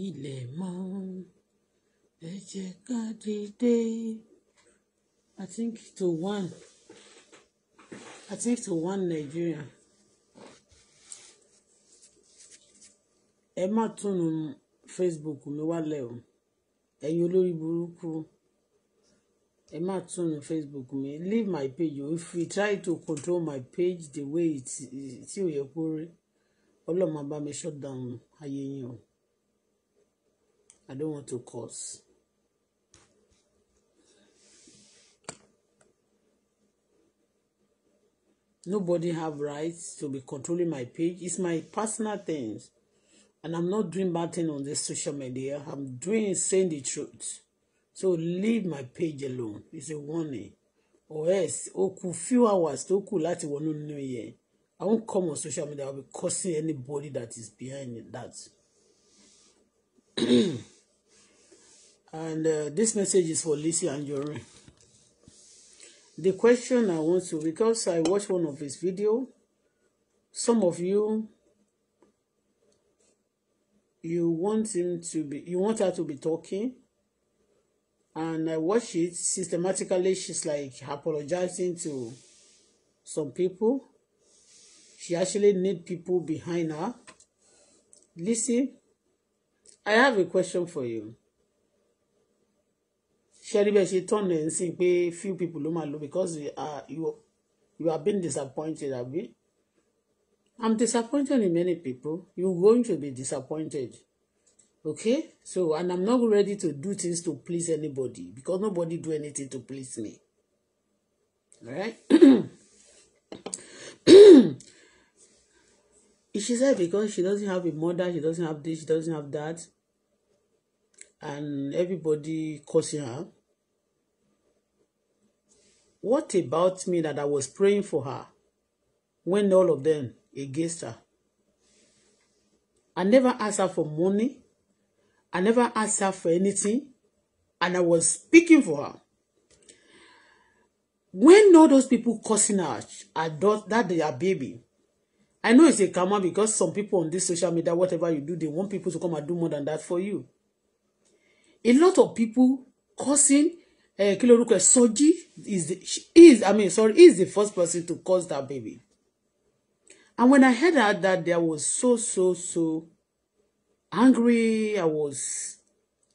ilẹ̀ mọ́ ẹ jẹ́ ká dìde. I think to one. I think to one Nigeria. Ẹ má túnú Facebook mi wálẹ̀ o. Ẹ̀yin olórí burúkú. Ẹ má túnú Facebook mi. Leave my page o. If you try to control my page the way it tí ò yẹ kó rí, ọlọ́mọ bá mi shut down ayé yín o. I don't want to cause. Nobody have rights to be controlling my page. It's my personal things. And I'm not doing bad thing on this social media. I'm doing saying the truth. So leave my page alone. It's a warning. Or else, Oku few hours Oku lati wonu wọnú new year. I won't come on social media. I'll be cursing anybody that is behind that. And uh, this message is for and Anjorin. The question I want to, because I watched one of his video, some of you, you want him to be, you want her to be talking. And I watch it systematically. She's like apologizing to some people. She actually need people behind her. Lizzy, I have a question for you ṣẹ́rí bẹ́ẹ̀ ṣe tọ́nù ẹ̀ ń pé few people ló máa lò because you you, you are being disappointed abi I'm disappointed in many people you going to be disappointed okay so and I'm not ready to do things to please anybody because nobody do anything to please me right. she said because she doesn't have a mother she doesn't have this she doesn't have that and everybody cursing her. What about me that I was praying for her when all of them against her? I never asked her for money. I never asked her for anything. And I was speaking for her. When all those people cursing her, her daughter, that are baby, I know it's a karma because some people on this social media, whatever you do, they want people to come and do more than that for you a lot of people causing uh, kí lorúkọ ẹ Soji is the she is I mean sorry is the first person to cause that baby and when I heard that that I was so so so angry I was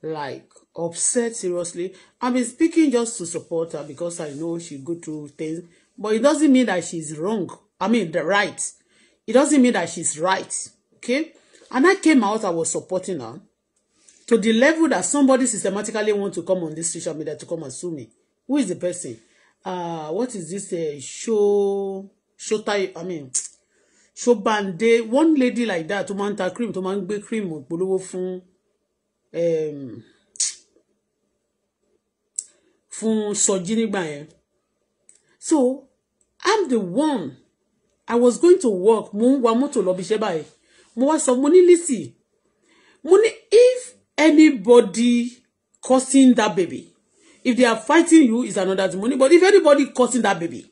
like upset seriously I've been speaking just to support her because I know she go through things but it doesn't mean that she's wrong I mean the right it doesn't mean that she's right okay and I came out I was supporting her to the level that somebody systematically want to come on this social media to come and sue me who is the person uh, what is this uh, show show tie i mean show bande one lady like that to máa ń ta cream tó máa ń gbé cream polówó um, fún sọjí so i'm the one i was going to work mo ń wa mọ́tò lọ bí iṣẹ́ báyìí mo wá sọ mo ní Lizzy mo ní anybody causing that baby if they are fighting you is another thing money but if anybody causing that baby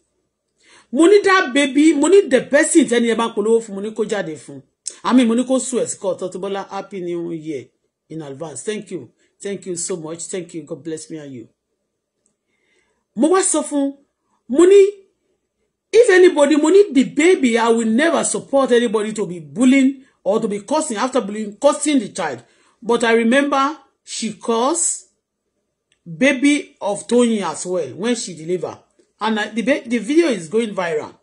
money that baby money the person tẹ́ni ẹ bá polówó fún mo ní kó jáde fún àmì mo ní kó sùn ẹ̀sìkọ́ ọ̀tọ́tọ́bọ́lá happy new year in advance thank you thank you so much thank you god bless me and you. mo wa sọ fún mo if anybody money the baby i will never support anybody to be bullying or to be causing after bullying causing the child But I remember she caused baby of Tony as well when she deliver, And the, the video is going viral.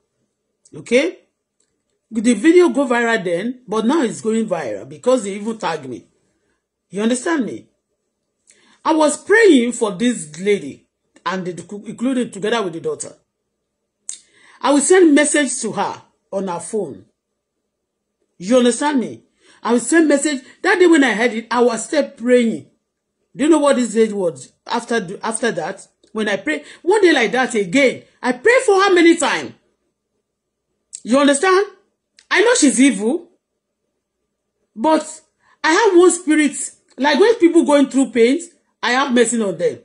Okay? The video go viral then, but now it's going viral because they even tag me. You understand me? I was praying for this lady and the, including together with the daughter. I will send message to her on her phone. You understand me? I will send message. That day when I heard it, I was still praying. Do you know what this age was after after that? When I pray one day like that again, I pray for her many times. You understand? I know she's evil, but I have one spirit. Like when people going through pains, I have mercy on them.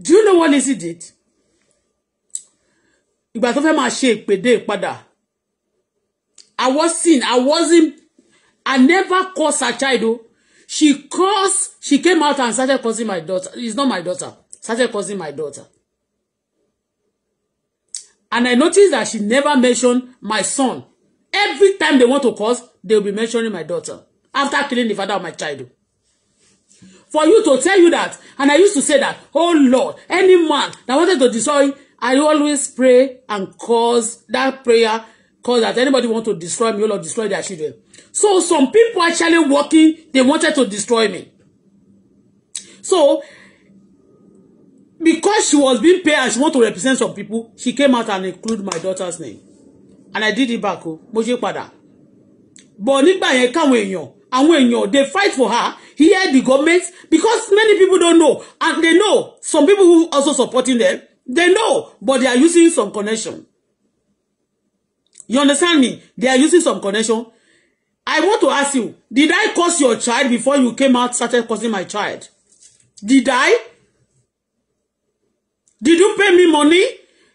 Do you know what Lizzy did? I was seen. I wasn't. I never caused her child. Oh. She caused. She came out and started causing my daughter. It's not my daughter. Started causing my daughter. And I noticed that she never mentioned my son. Every time they want to cause, they'll be mentioning my daughter. After killing the father of my child. For you to tell you that, and I used to say that, oh Lord, any man that wanted to destroy, I always pray and cause that prayer Cause that anybody want to destroy me, or destroy their children. So some people actually working, they wanted to destroy me. So because she was being paid and she want to represent some people, she came out and include my daughter's name. And I did it back, oh, mo ṣe padà. But nígbà yẹn káwọn èèyàn, àwọn èèyàn, they fight for her. Here the government, because many people don't know, and they know some people who also supporting them, they know, but they are using some connection. You understand me? They are using some connection. I want to ask you, did I cause your child before you came out, started causing my child? Did I? Did you pay me money?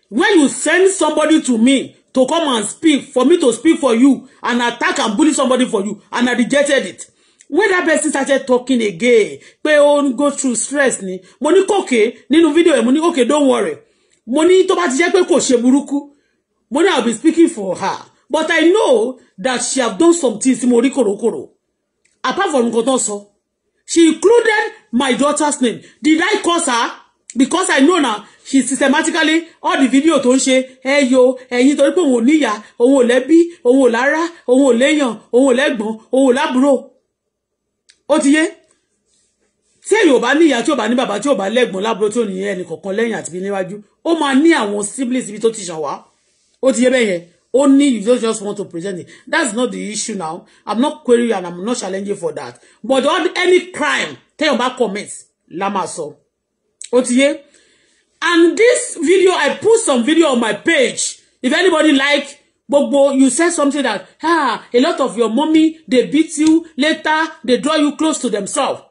When you send somebody to me to come and speak, for me to speak for you, and attack and bully somebody for you, and I rejected it. When that person started talking again, pay ó go through stress ni, Money okay? kòkè no video. Money okay? don't worry. Money to buy. bá ti jẹ́ Moni, I'll be speaking for her. But I know that she have done some things tí mo rí Apart from nǹkan tó she included my daughter's name. Did I cause her? Because I know now she systematically all the video tó ń ṣe yo hey torí pé òun ò níyà òun ò lẹ́bí òun ò lára òun ò léèyàn òun ò lẹ́gbọ̀n òun ò lábúrò ó ti yé tí èyí ò bá níyà tí ò bá ní bàbá tí ò bá lẹ́gbọ̀n lábúrò tí ò ní ẹnì kọ̀ọ̀kan lẹ́yìn àti siblings ibi tó ti ṣàn wá ó ti yé bẹ́ẹ̀ yẹn only you just just want to present it that's not the issue now i'm not querying and i'm not challenging for that but on any crime téèyàn bá commit la máa sọ ó ti yé and this video i put some video on my page if anybody like gbogbo you said something that ah a lot of your mommy dey beat you later dey draw you close to themselves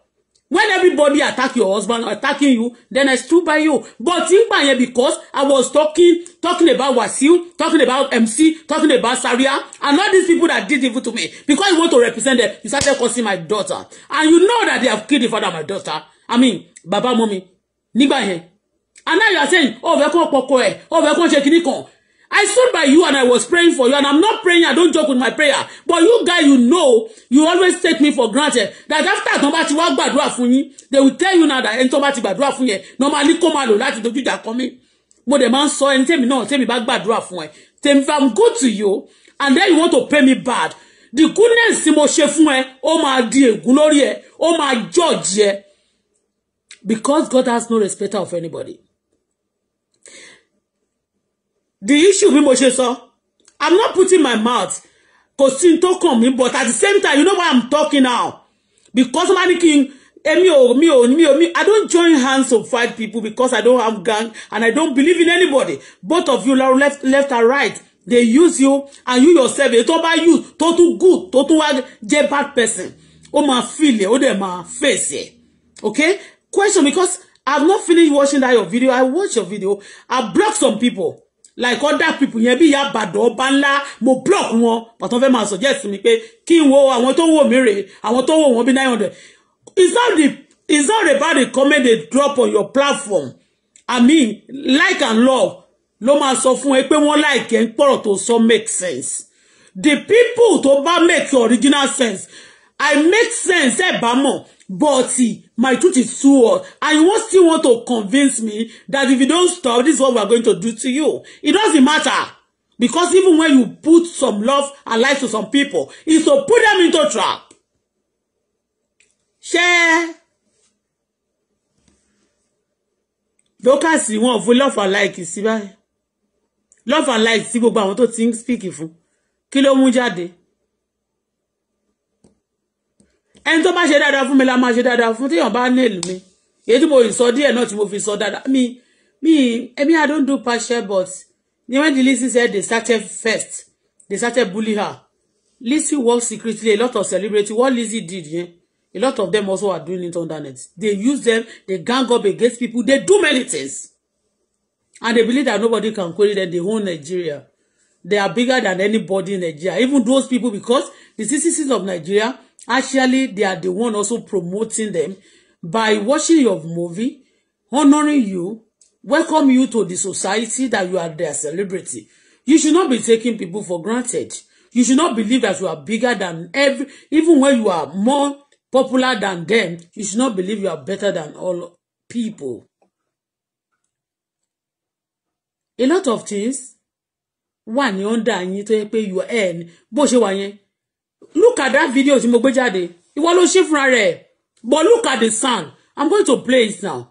when everybody attack your husband attacking you then I stood by you but nígbà yẹn because I was talking talking about Wasiu talking about MC talking about Saria and all these people that did evil to me because you want to represent them you started cursing my daughter and you know that they have killed the father of my daughter I mean baba mommy, nígbà yẹn and now you are saying ó fẹ́ kó pọkọ ẹ̀ ó fẹ́ kó ṣe kinní kan I stood by you and I was praying for you. And I'm not praying, I don't joke with my prayer. But you guys, you know, you always take me for granted that after tó bá ti wá gbàdúrà they will tell you now that ẹni tó bá ti gbàdúrà fún yẹn, normally kó máa lò that dojú ìjà kọ mí. Mo dẹ̀ máa ń sọ ẹni tèmi náà tèmi bá gbàdúrà fún ẹ. Tèmi if I'm good to you and then you want to pay me bad, the goodness tí mo ṣe fún ẹ, ó máa di ègún lórí judge yeah. Because God has no respect of anybody the issue bí mo ṣe sọ i'm not putting my mouth kò sí tó kàn mí but at the same time you know why i'm talking now because wọ́n ní kí n èmi ò mi ò mi ò mi i don't join hands to fight people because i don't have gang and i don't believe in anybody both of you left left and right they use you and you yourself èyí tó bá use tó tún good tó tún wá jẹ́ bad person ó máa feel ẹ̀ ó dẹ̀ máa face ẹ̀ okay question because i've not finished watching that your video i watch your video i block some people like other people yẹn bí ìyá àbàdàn ọba ńlá mo block wọn pàtó fẹ́ máa suggest mi pé kí n wo àwọn tó wò mí rèé àwọn tó wò wọn bí nine hundred it's not the is not the bad comment they drop on your platform i mean like and love ló máa sọ fún ẹ pé wọ́n like ẹ ń pọ̀rọ̀ tó sọ make sense the people tó bá make original sense i make sense ẹ bá mọ̀ but. My truth is too hot. And you still want to convince me that if you don't stop, this is what we are going to do to you. It doesn't matter. Because even when you put some love and life to some people, it's to put them into trap. Share. Dókàsì wọn fún love and like sí báyìí. Love and like sí gbogbo àwọn tó ti ń speak fún. Kí ló mú jáde? ẹni tó bá ṣe dáadáa fún mi la máa ṣe dáadáa fún téèyàn bá nail mi èyí tí mo ì sọ díẹ̀ náà tí mo fi sọ dáadáa mi mi èmi I don't do partial but when the Lizzy said they started first they started bully her Lizzy work secretly a lot of celebrity what Lizzy did yeah? a lot of them also are doing it on the net they use them they gang up against people they do many things and they believe that nobody can query them they own Nigeria they are bigger than anybody in Nigeria even those people because the citizens of Nigeria Actually, they are the one also promoting them by watching your movie, honoring you, welcome you to the society that you are their celebrity. You should not be taking people for granted. You should not believe that you are bigger than every, even when you are more popular than them, you should not believe you are better than all people. A lot of things wà ní under yín tó yẹ pé you earn eh, bó look at that video tí mo gbé jáde ìwọ ló ṣe fúnra rẹ̀ but look at the sound i'm going to play it now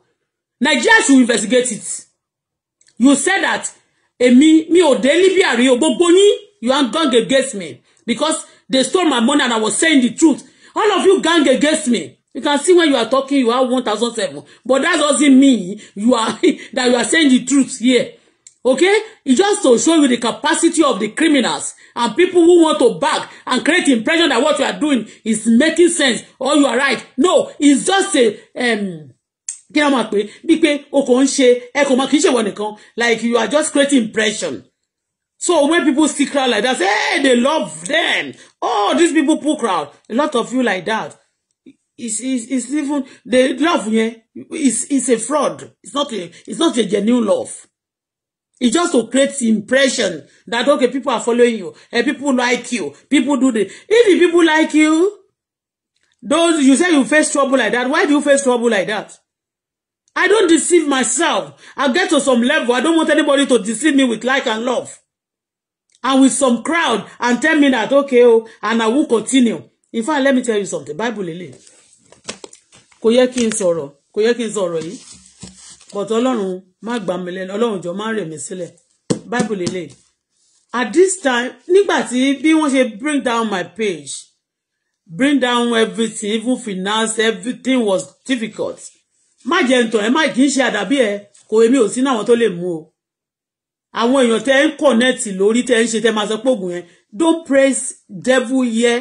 nigeria should investigate it you said that èmi mi ò dé libya rí o gbogbo yín you are gang against me because they stole my money and i was saying the truth all of you gang against me you can see when you are talking you have one thousand seven but that doesn't mean you are that you are saying the truth here. Yeah. Okay? It's just to show you the capacity of the criminals and people who want to bag and create impression that what you are doing is making sense or you are right. No, it's just a um kí ló máa pè bí pé o kò ń ṣe ẹ kò máa kì í ṣe ìwọ nìkan like you are just creating impression. So when people see crowd like that, say, hey, they love them. Oh, these people pull crowd. A lot of you like that. It's, it's, it's even, the love, yeah, it's, it's a fraud. It's not a, it's not a genuine love. It's just to create impression that okay, people are following you and people like you. People do the if the people like you, those you say you face trouble like that. Why do you face trouble like that? I don't deceive myself. I get to some level. I don't want anybody to deceive me with like and love. And with some crowd and tell me that okay, oh, and I will continue. In fact, let me tell you something. Bible lele. Kò yẹ kí but ọlọ́run má gbà mí lẹ́nu ọlọ́run jọ má rẹ̀ mí sílẹ̀ bible lè at this time nígbà tí bí wọ́n ṣe bring down my page bring down everything even finance everything was difficult má jẹ́ ntọ̀ ẹ má kì í ṣe àdàbí ẹ kò èmi ò sí náà àwọn tó lè mú o àwọn èèyàn tẹ́ ń connect lórí tẹ́ ń ṣe tẹ́ máa sọ pé yẹn don't praise devil here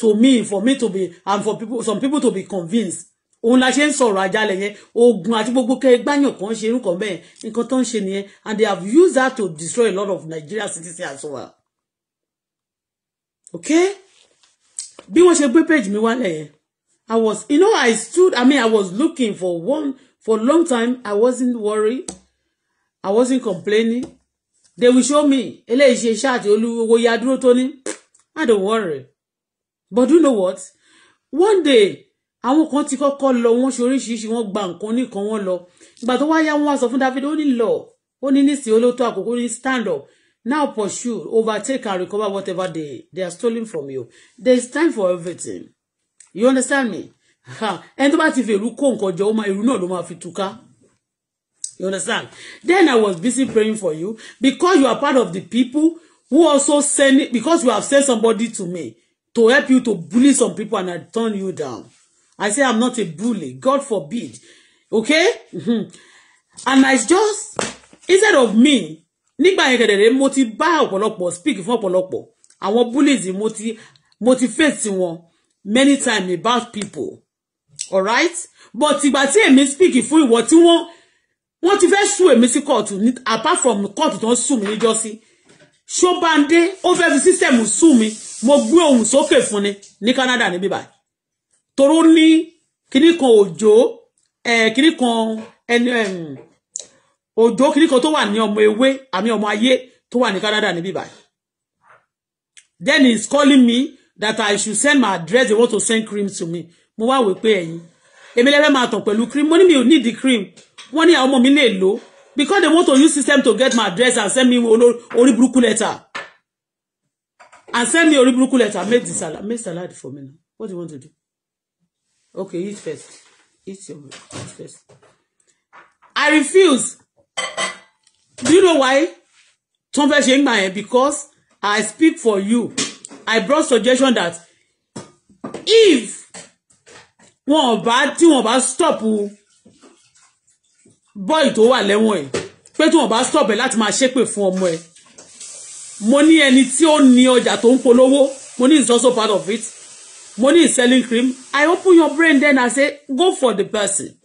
to me for me to be and for people some people to be convinced òun la ṣe ń sọ̀rọ̀ àjálẹ̀ yẹn ogun àti gbogbo kẹgbàyàn kan ṣe irúkọ̀ bẹ́ẹ̀ nǹkan tó ń ṣe nìyẹn and they have used that to destroy a lot of Nigeria citizens as well. okay bí wọ́n ṣe gbé page mi wálẹ̀ yẹn I was you know I stood I mean I was looking for one for long time I wasn't worried I wasn't complaining they will show me eléyìí ṣe ṣáàtì olúwo ya dúró tó I ah, don't worry but you know what one day àwọn kan ti kọ́kọ́ lọ wọ́n ṣe oríṣiríṣi wọ́n gba nǹkan oníkan wọ́n lọ ìgbà tó wáyá wọ́n wá sọ fún David ó ní lọ ó ní nísìnyí olóòótọ́ àkókò ní stand up now pursue overtake and recover whatever they they are stolen from you there is time for everything you understand me ẹni tó bá ti fi èrú kó nǹkan jọ èrú náà ló máa fi túká you understand then I was busy praying for you because you are part of the people who also send because you have sent somebody to me to help you to bully some people and I turn you down. I say I'm not a bully. God forbid. Okay? Mm-hmm. And I just, instead of me, nígbà yẹn kẹ̀dẹ̀dẹ̀ mo ti bá ọ̀pọ̀lọpọ̀ speak fún ọ̀pọ̀lọpọ̀. Àwọn bullies mo ti mo ti face wọn many times about people. Alright? But ìgbà tí èmi speak fún ìwọ tí wọ́n wọ́n ti fẹ́ sùn èmi sí kóòtù apart from kóòtù tó ń sùn mí níjọ́sí ṣó bá ń dé ó fẹ́ fi sísẹ̀mù sùn mi mo gbé ohùn sókè fún ni ní Canada níbí báyìí toró ní kinní kan òjò kinní kan ẹni òjò kinní kan tó wà ní ọmọ ewé àmì ọmọ ayé tó wà ní Canada níbí báyìí then he is calling me that I should send my address they want to send cream to me mo wá wò pé ẹ̀yin èmi lẹ́fẹ̀ẹ́ máa tàn pẹ̀lú cream mo ní mi ò need the cream wọ́n ní àwọn ọmọ mi lè lò because they want to use system to get my address and send me orí burúkú letter and send me orí burúkú letter make the salad make salad for me now what do you want to do Okay, eat first. Eat your eat first. I refuse. Do you know why? Tom Feshengbaye, because I speak for you. I brought suggestion that if one bad thing, one bá stop boy to wa lẹ́wọ̀n ẹ̀ pé tí wọn bá stop ẹ̀ láti máa ṣépè fún ọmọ ẹ̀ mo ní ẹni tí ó ní ọjà tó ń polówó mo ní it's also part of it money is selling cream i open your brain then i say go for the person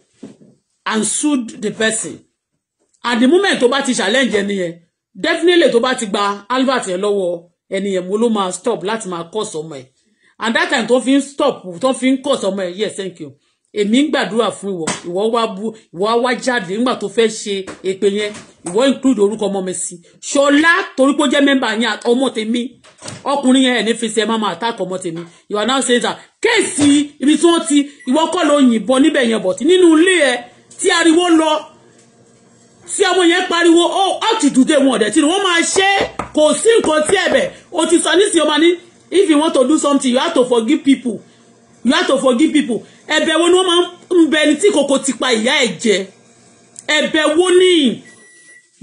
and sue the person at the moment tó bá ti challenge ẹni definitely tó bá ti gba albert yẹn lọ́wọ́ ẹni mo ló máa stop láti máa kọ́ sọmọ ẹ̀ and that time tó fi ń stop tó fi ń kọ́ sọmọ ẹ̀ yes thank you èmi ń gbàdúrà fún ìwọ ìwọ wá bú ìwọ wá jáde nígbà tó fẹ́ ṣe èpè yẹn ìwọ include orúkọ ọmọ mi sí ṣọlá torí pé ó jẹ́ mẹ́mbà yẹn ọmọ ọkùnrin yẹn ní fi ṣe ẹ má máa attack ọmọ tèmi you are now saying that kéèsì ibi tí wọ́n ti ìwọ kọ́ ló yìnbọn níbẹ̀ yẹn bọ̀ nínú ilé ẹ tí ariwo lọ tí ọmọ yẹn pariwo ó oh, àtìdúdé wọn ọ̀dẹ̀ tí wọ́n máa ṣe kò sí nǹkan tí ẹ̀bẹ̀ o ti sọ nísìnyí ọmọ ní if you want to do something you have to forgive people you have to forgive people ẹ̀bẹ̀ wo ni wọ́n máa ń bẹ ẹni tí kòkò ti pa ìyá ẹ̀ jẹ ẹ̀bẹ̀ wo ni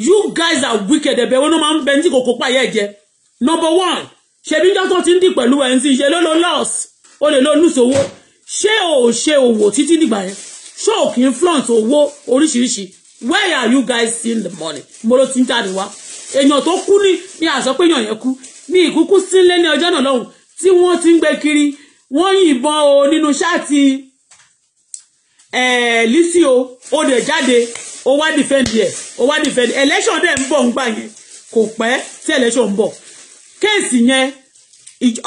you guys are wicked ẹ̀bẹ̀ wo ni wọ́n máa ń bẹ ẹni tí kòkò pa ìyá ẹ̀ jẹ number one ṣebí dọ́tọ̀ ti ń dì pẹ̀lú ẹ̀ ń sì ṣe ló lo loss o lè lo nùsòwò ṣé o ò ṣe òwò títí dìgbà yẹn ṣé o kì í flaunt owó oríṣiríṣi where are you guys seeing the money mo ló ti ń jáde wá èèyàn tó kú ní ní àṣọ pé èèyàn yẹn kú ní ìkúkú sílé ní ọjọ́ náà lọ́hùn tí wọ́n ti ń gbé kiri wọ́n yìnbọn o nínú ṣáàtì lísì o ó dẹ̀ jáde ó wá defend yẹ ó wá defend election dẹ̀ ń bọ̀ ń gbà yẹn kò pẹ́ tí election ń bọ̀ kéèsì yẹn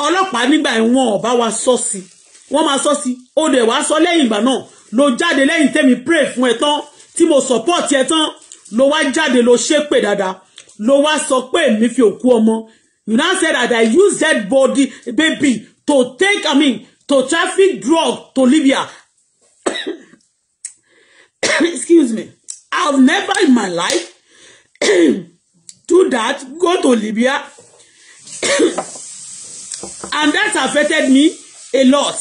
ọlọ́pàá nígbà ìwọ̀n ọ̀bá wa sọ sí wọ́n máa sọ sí ó dẹ̀ wá sọ lẹ́yìn ìgbà náà ló jáde lẹ́yìn tẹ́mi pray fún ẹ tán tí mo support ẹ tán ló wá jáde ló ṣépè dáadáa ló wá sọ pé èmi fi òkú ọmọ you now said that I use that body baby to take I mean to traffic drug to Libya excuse me I've never in my life do that go to Libya and that affected me a lot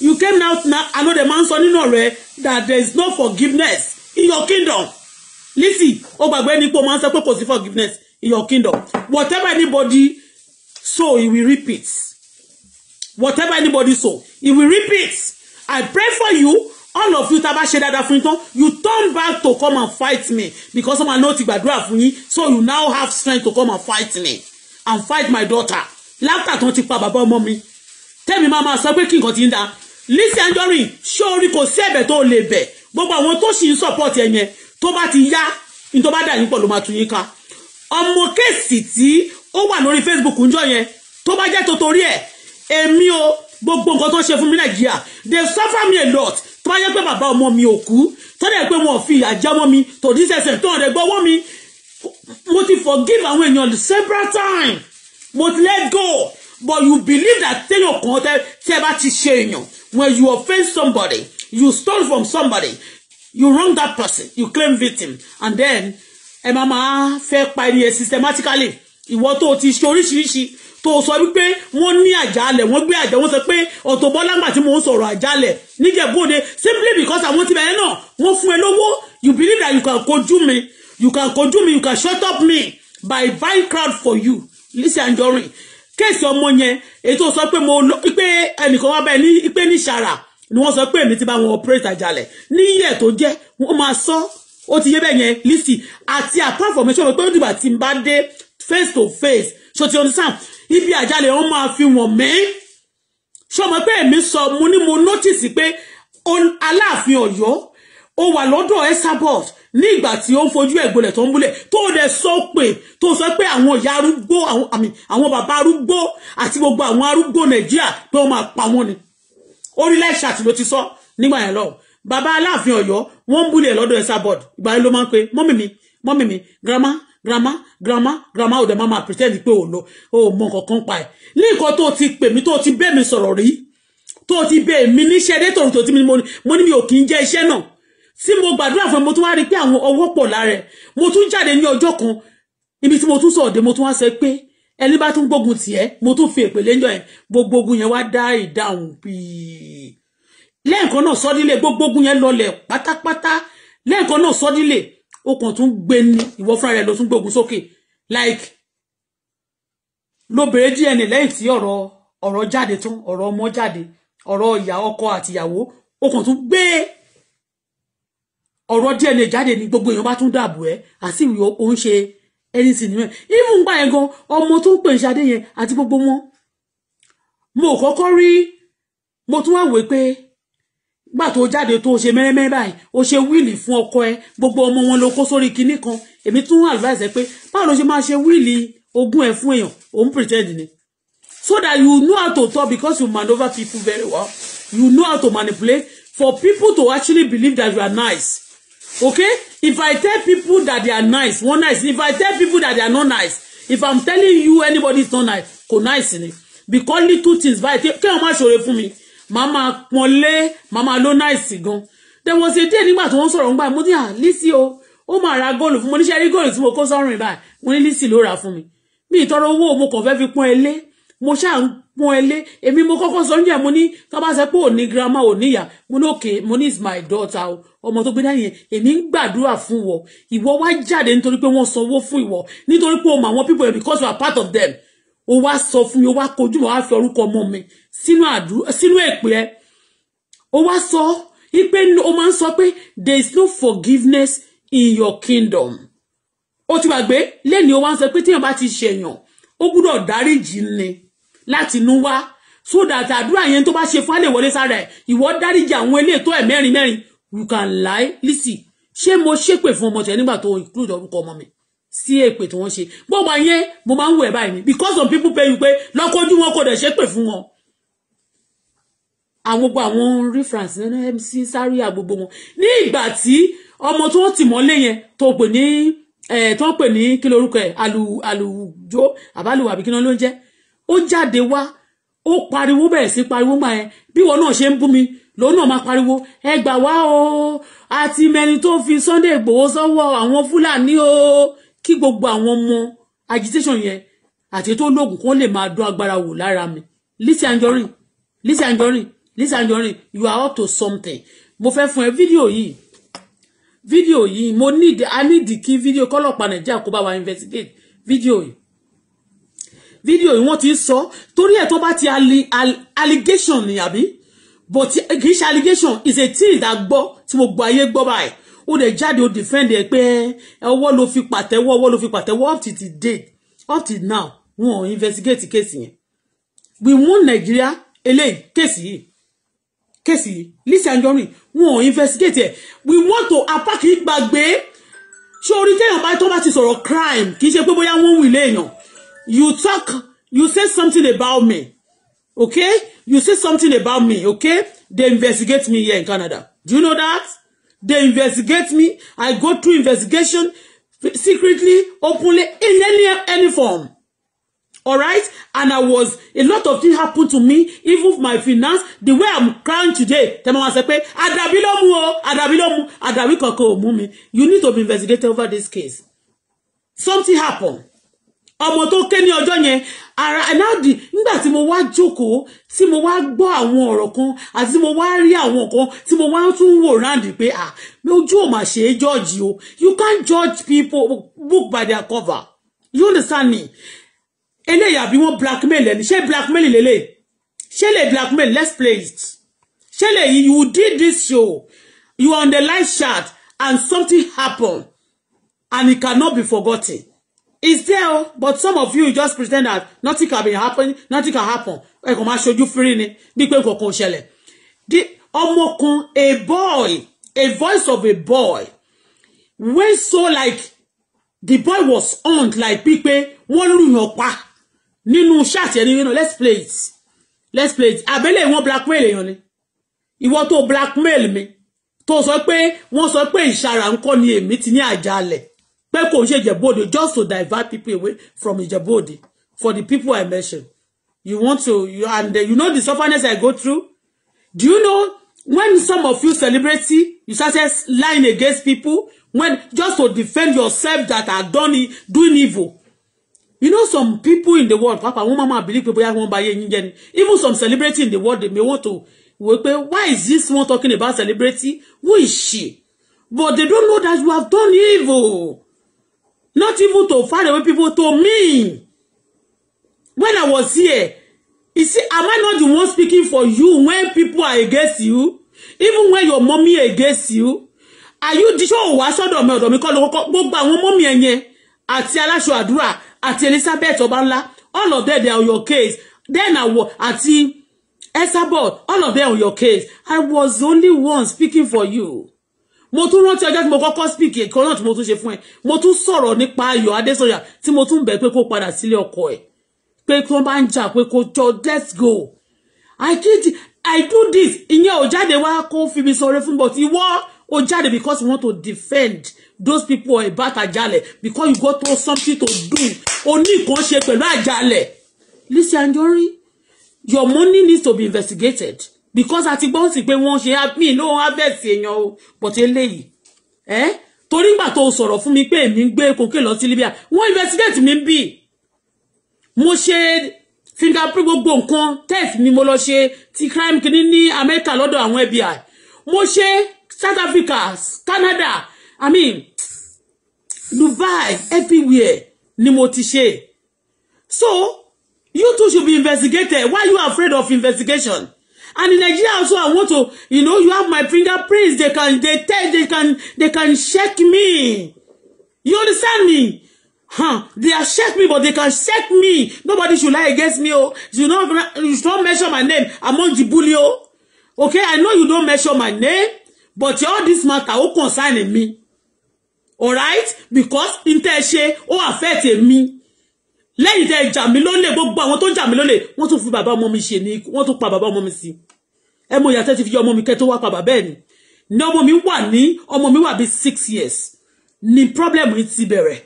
you came out now i know the man sọ nínú ọ̀rẹ́ that there is no forgiveness in your kingdom listen ó gbàgbé ní pé o máa ń sọ pé kò sí forgiveness in your kingdom whatever anybody sow he will repeat. whatever anybody sow he will repeat. i pray for you all of you tá a bá ṣe dáadáa fún yín tán you turn back to come and fight me because ọmọ àná ti gbàdúrà fún yín so you now have strength to come and fight me and fight my daughter láfíà tó ti pa bàbá ọmọ mi tẹ́mi máa máa sọ pé kí nǹkan ti ń da Lizzy Anjorin ṣé orí kò sí ẹ̀bẹ̀ tó lè bẹ̀ gbogbo àwọn tó sì ń support ẹ̀ yẹn tó bá ti yá ní tó bá dà yín pọ̀ ló máa tún yín ká ọmọ kéèsì tí ó wà lórí Facebook ń jọ yẹn tó bá jẹ́ totori ẹ̀ èmi o gbogbo nǹkan tó ṣe fún mi Nàìjíríà they suffer me a lot tó bá yẹ pé bàbá ọmọ mi ò kú tó dẹ̀ pé wọn ò fi ìyà jẹ ọmọ mi tòdí sẹ̀sẹ̀ tó ọ̀rẹ́ gbọ́ ọwọ́ mi mo ti forgive àwọn èèyàn several times mo ti let go but you believe that téèyàn kan tẹ tí ẹ bá ti ṣe èèyàn when you offend somebody you stole from somebody you wrong that person you claim victim and then ẹ máa máa fẹ́ parí ẹ systematically ìwọ tó o ti ṣe oríṣiríṣi tó o sọ wípé wọ́n ní àjálẹ̀ wọ́n gbé àjẹ́ wọ́n sọ pé Auto Bola ńgbà tí mò ń sọ̀rọ̀ àjálẹ̀ níjẹ̀bú òde simply because àwọn tibẹ̀ yẹn náà wọ́n fún ẹ lówó you believe that you can kojú mi you can kojú mi you can shut up me by buying crowd for you Lizzy Anjorin kéèsì ọmọ yẹn ètò sọ pé mo pé ẹnìkan wá báyìí ní pé ní ṣàrà ni wọ́n sọ pé èmi ti bá wọn operate àjàlẹ̀ ní iye tó jẹ́ wọ́n máa sọ ó ti yé bẹ́ẹ̀ yẹn Lizzy àti apart from ẹ̀ṣọ́ pé ó dìgbà tí n bá dé face to face So ti understand ibi àjàlẹ̀ wọ́n máa fi wọ̀n mí ṣọmọ pé èmi sọ mo ní mo notice pé aláàfin Ọ̀yọ́ ó wà lọ́dọ̀ Esabod ní ìgbà tí ó ń fojú ẹ̀ gbolẹ̀ tó ń búlẹ̀ tó dẹ̀ sọ pé tó sọ pé àwọn ìyá arúgbó àwọn bàbá arúgbó àti gbogbo àwọn arúgbó nàìjíríà pé wọ́n máa pa wọ́n ni orí láìsà tí ló ti sọ nígbà yẹn lọ bàbá aláàfin Ọ̀yọ́ wọ́n ń búlẹ̀ lọ́dọ̀ ẹ̀sà bọ́ọ̀d ìgbà yẹn ló máa ń pe mọ́mì mi mọ́mì mi grandma grandma grandma grandma ò dẹ̀ máa pretend pé ò lọ ò mọ nǹkan kan pa ẹ̀ ní nǹkan tó ti pè mí tó ti bẹ́ mi sọ̀rọ̀ rí tó ti bẹ́ mi níṣẹ́ dé tòun tó ti mi mo ní mi ò kì í jẹ́ iṣẹ́ náà tí mo gbàdúrà fún mo tún wá rí pé àwọn ọwọ́ pọ̀ lára mo tún jáde ní ọjọ́ kan ibi tí mo tún sọ̀dẹ̀ mo tún wá sọ pé ẹni bá tún gbógun tiẹ̀ mo tún fi èpè lẹ́yìn ẹ̀ gbogbo ogun yẹn wá dá ìdáhùn bíi lẹ́ẹ̀kan náà sọ́dílé gbogbo ogun yẹn lọlẹ̀ pátápátá lẹ́ẹ̀kan náà sọ́dílé ó kàn tún gbé ní ìwọ fúnra rẹ̀ ló tún gbógun sókè like ló bèrè díẹ̀ ní lẹ́yìn tí ọ̀rọ̀ ọ̀rọ̀ jáde tún ọ̀rọ̀ ọmọ jáde ọ̀rọ̀ ìyá ọkọ àtìyàwó ó kàn tún gbé ọ̀rọ̀ DNA jáde ní gbogbo èèyàn bá tún dàbò ẹ àti ìwé ó ẹni sì nìyẹn even gbà yẹn gan ọmọ tó ń pè ń ṣadé yẹn àti gbogbo wọn mo kọ́kọ́ rí mo tún wá wé pé gbà tó jáde tó ṣe mẹ́rẹ́mẹ́rẹ́ báyìí o ṣe wíìlì fún ọkọ ẹ gbogbo ọmọ wọn ló kó sórí kinní kan èmi tún wà advice ẹ pé báwo ló ṣe máa ṣe wíìlì ogún ẹ fún èèyàn òun pretend ni so that you know how to talk because you maneuver people very well you know how to manipulate for people to actually believe that you are nice Okay? If I tell people that they are nice, one nice. If I tell people that they are not nice, if I'm telling you anybody is not nice, kò nice ni. Because little things báyìí kí kéèyàn má ṣòro fún mi. Màmá pọ́nlé, màmá ló nice gan. There was a day nígbà tí wọ́n sọ̀rọ̀ nígbà mo ní à Lizzy o, ó máa ra góòlù fún mo níṣẹ́ rí góòlù tí mo kó sọ́rùn ìbá. Mo ní Lizzy ló rà fún mi. Mi ìtọrọ owó mo kàn fẹ́ fi pọ́n ẹ lé. Mo ṣáà ń pọ́n ẹ lé èmi mo kọ́kọ́ sọ níjẹ́ mo ní tó bá sọ pé ò ní girama ò níyà mo ní òkè mo ní is my daughter o ọmọ tó gbé dání yẹn èmi ń gbàdúrà fún wọ ìwọ wá jáde nítorí pé wọ́n sanwó fún ìwọ nítorí pé o mọ àwọn people because you are part of them o wá sọ fún mi o wá kojú mi o wá fi orúkọ ọmọ mi sínú èpè ẹ o wá sọ ipe o máa so? sọ there is no forgiveness in your kingdom o ti gbàgbé lẹ́ni o wá ń sọ pé téèyàn bá ti ṣèyàn ó gbúdọ̀ dáríjì ni láti inú wá so that àdúrà yẹn tó bá ṣe fún àlè wọlé sára ẹ̀ ìwọ dáríjì àwọn ilé ètò ẹ̀ mẹ́rin mẹ́rin you can lie lisi ṣé mo ṣépè fún ọmọ tẹ nígbà tó include orúkọ ọmọ mi sí èpè tí wọ́n ṣe gbọ́gbà yẹn mo máa ń wẹ̀ báyìí ni because some people pay you pé lọ́kọ́jú wọn kò dẹ̀ ṣépè fún wọn àwọn gbogbo àwọn reference nínú mc sáríà gbogbo wọn ní ìgbà tí ọmọ tó ń tìmọ́lé yẹn tó pè ní eh, tó ń pè ní kí lorúkọ ẹ̀ alùjó àbálùwà àbí kí náà ló ń jẹ́ ó jáde wá ó pariwo bẹ́ẹ̀ sí pariwo máa ẹ bí wọn náà ṣe ń bú mi lòun náà máa pariwo ẹ gbà wá o àti mẹni tó fi Sunday Ìgbòho sọ́wọ́ àwọn Fúlàní o kí gbogbo àwọn ọmọ agitation yẹn àti tó lóògùn kó lè máa dó agbára wò lára mi Lizzy Anjorin Lizzy Anjorin Lizzy Anjorin you are up to something mo fẹ́ fún ẹ fídíò yìí fídíò yìí mo need i need kí fídíò kọ́lọ́pàá Nàìjíríà kó bá wa investigate fídíò yìí fídíò yìí wọ́n ti ń sọ torí ẹ̀ tó bá ti allegation ni àbí but kì í ṣe allegation is a thing that gbọ́ tí mo gbọ́ ayé gbọ́ báyìí ó dẹ̀ jáde ó defend ẹ̀ pé ọwọ́ ló fi pàtẹ́wọ́ ọwọ́ ló fi pàtẹ́wọ́ up to the up to now wọn ò investigate kéèsì yẹn we want Nigeria eléyìí kéèsì yìí kéèsì yìí Lizzy Anjorin wọn ò investigate ẹ̀ we want to apá kì í gbàgbé ṣé orí téèyàn bá tó bá ti sọ̀rọ̀ crime kì í ṣe pé bóyá wọ́n ń léèyàn you talk you say something about me okay you say something about me okay they investigate me here in Canada do you know that they investigate me I go through investigation secretly openly in any any form all right and I was a lot of things happened to me even my finance the way I'm crying today tell me say pé àdàbí mu mú o àdàbí ló mú àdàbí kankan ò mi you need to be investigated over this case something happened ọmọ tó ké ní ọjọ́ yẹn ara anáàdì nígbà tí mo wá jókòó tí mo wá gbọ́ àwọn ọ̀rọ̀ kan àti tí mo wá rí àwọn kan tí mo wá tún wò ráǹdì pé à ojú ò mà ṣe é jọ́ọ̀jì o you can't judge people book by their cover you understand me eléyà bí wọ́n blackmail ẹni ṣé blackmail lélẹ̀ ṣé lè blackmail let's play it ṣé lè you did this show you on the live chat and something happen and it cannot be forgotten. Is there oh, but some of you just pretend that nothing can be happen nothing can happen ẹ kàn máa ṣojú fírí ni bí pé nǹkan kan ṣẹlẹ̀ the ọmọ a boy a voice of a boy wey so like the boy was owned like bí pé wọ́n lùyàn pa nínú ṣáàtì ẹni nínú let's play it let's play it abẹ́lẹ̀ wọn blackmail èèyàn ni ìwọ tó blackmail mi tó sọ pé wọ́n sọ pé ìṣara ńkọ́ ni èmi ti ní àjálẹ̀ pé kò ṣe Ìjẹ̀bú just to divert people away from Ìjẹ̀bú for the people I mentioned you want to you, and uh, you know the sufferness I go through do you know when some of you celebrity you start started lying against people when just to defend yourself that are done e, doing evil you know some people in the world papa wọn mama believe people bóyá wọn bá yé yín even some celebrity in the world they may want to wò pé why is this one talking about celebrity who is she but they don't know that you have done evil Not even to far away people, told me. When I was here, you see, am I not the one speaking for you when people are against you? Even when your mommy against you? Are you the show wa sọ́dọ̀ me ọ̀dọ̀ mi kọ́ lọ́wọ́ gbogbo àwọn mommy ẹ̀yẹn àti aláṣọ àdúrà àti Elizabeth Obanla. all of them they are on your case then I was àti Esabod all of them on your case I was only one speaking for you mo tún rántí ọjọ́ tí mo kọ́kọ́ speak ẹ̀kọ́ náà tí mo tún ṣe fún ẹ mo tún sọ̀rọ̀ nípa ayọ̀ adésọ̀yà tí mo tún bẹ̀ pé kó padà sílé ọkọ ẹ̀ pé kí wọ́n bá ń jà pé kó jọ let's go i did i do this ìyẹn ò jáde wá kó fi mi sọ̀rọ̀ fún but ìwọ ò jáde because you want to defend those people about àjálẹ̀ because you got something to do o ní nǹkan ṣe pẹ̀lú àjálẹ̀ Lizzy Anjorin your money needs to be investigated because ati gbọ́n sì pé wọ́n ṣe mí ló ń abẹ́sì èèyàn o but eléyìí ẹ́ torí ìgbà tó sọ̀rọ̀ fún mi pé èmi ń gbé kókè lọ sí Libya wọ́n investigate mi bí mo ṣe fingerprint gbogbo nǹkan test mi mo lọ ṣe ti crime kìíní ní America lọ́dọ̀ àwọn FBI mo ṣe South Africa Canada I mean Dubai everywhere ni mo ti ṣe so you too should be investigated why you afraid of investigation and in Nigeria also I want to you know you have my fingerprints they can they tell they can they can check me you understand me huh they are check me but they can check me nobody should lie against me oh you know you should not mention my name among the bully oh okay I know you don't mention my name but all this matter ó concern me All right, because n tẹ́ ṣe ó affect me? lẹ́yìn tẹ́ jà mí lólè gbogbo àwọn tó jà mí tún fi bàbá ọmọ mi ṣe ni wọ́n tún pa bàbá ọmọ mi sí i ẹ mọ ìyàtọ̀ ti fi yọ ọmọ mi kẹ́ tó wá pa bàbá ni ní ọmọ mi wà ní ọmọ mi wà bíi six years ni problem yìí ti bẹ̀rẹ̀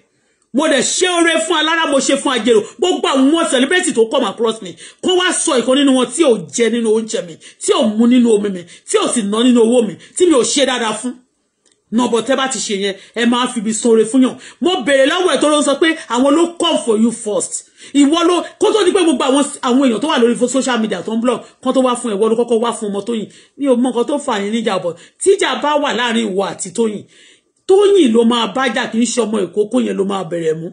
mo dẹ̀ ṣe oore fún alára mo ṣe fún ajérò gbogbo àwọn celebrity tó come across me kó wá sọ ìkan nínú wọn tí ò jẹ nínú oúnjẹ mi tí ò mu nínú omi mi tí ò sì ná nínú owó mi tí mi ò ṣe dáadáa fún náà bọ̀ tẹ́ bá ti ṣe yẹn ẹ máa fi ibi sọ̀rọ̀ fún yàn mo béèrè lọ́wọ́ ẹ̀ tó ló ń sọ pé àwọn ló come for you first ìwọ ló kó tó di pé gbogbo àwọn àwọn èèyàn tó wà lórí social media tó ń blog kán tó wá fún ìwọ ló kọ́kọ́ wá fún ọmọ Tóyìn ní o mọ nǹkan tó fà yín níjà bọ̀ tíjà bá wà láàrin ìwọ àti Tóyìn Tóyìn ló máa bájà kì í ṣe ọmọ ìkókó yẹn ló máa bẹ̀rẹ̀ mú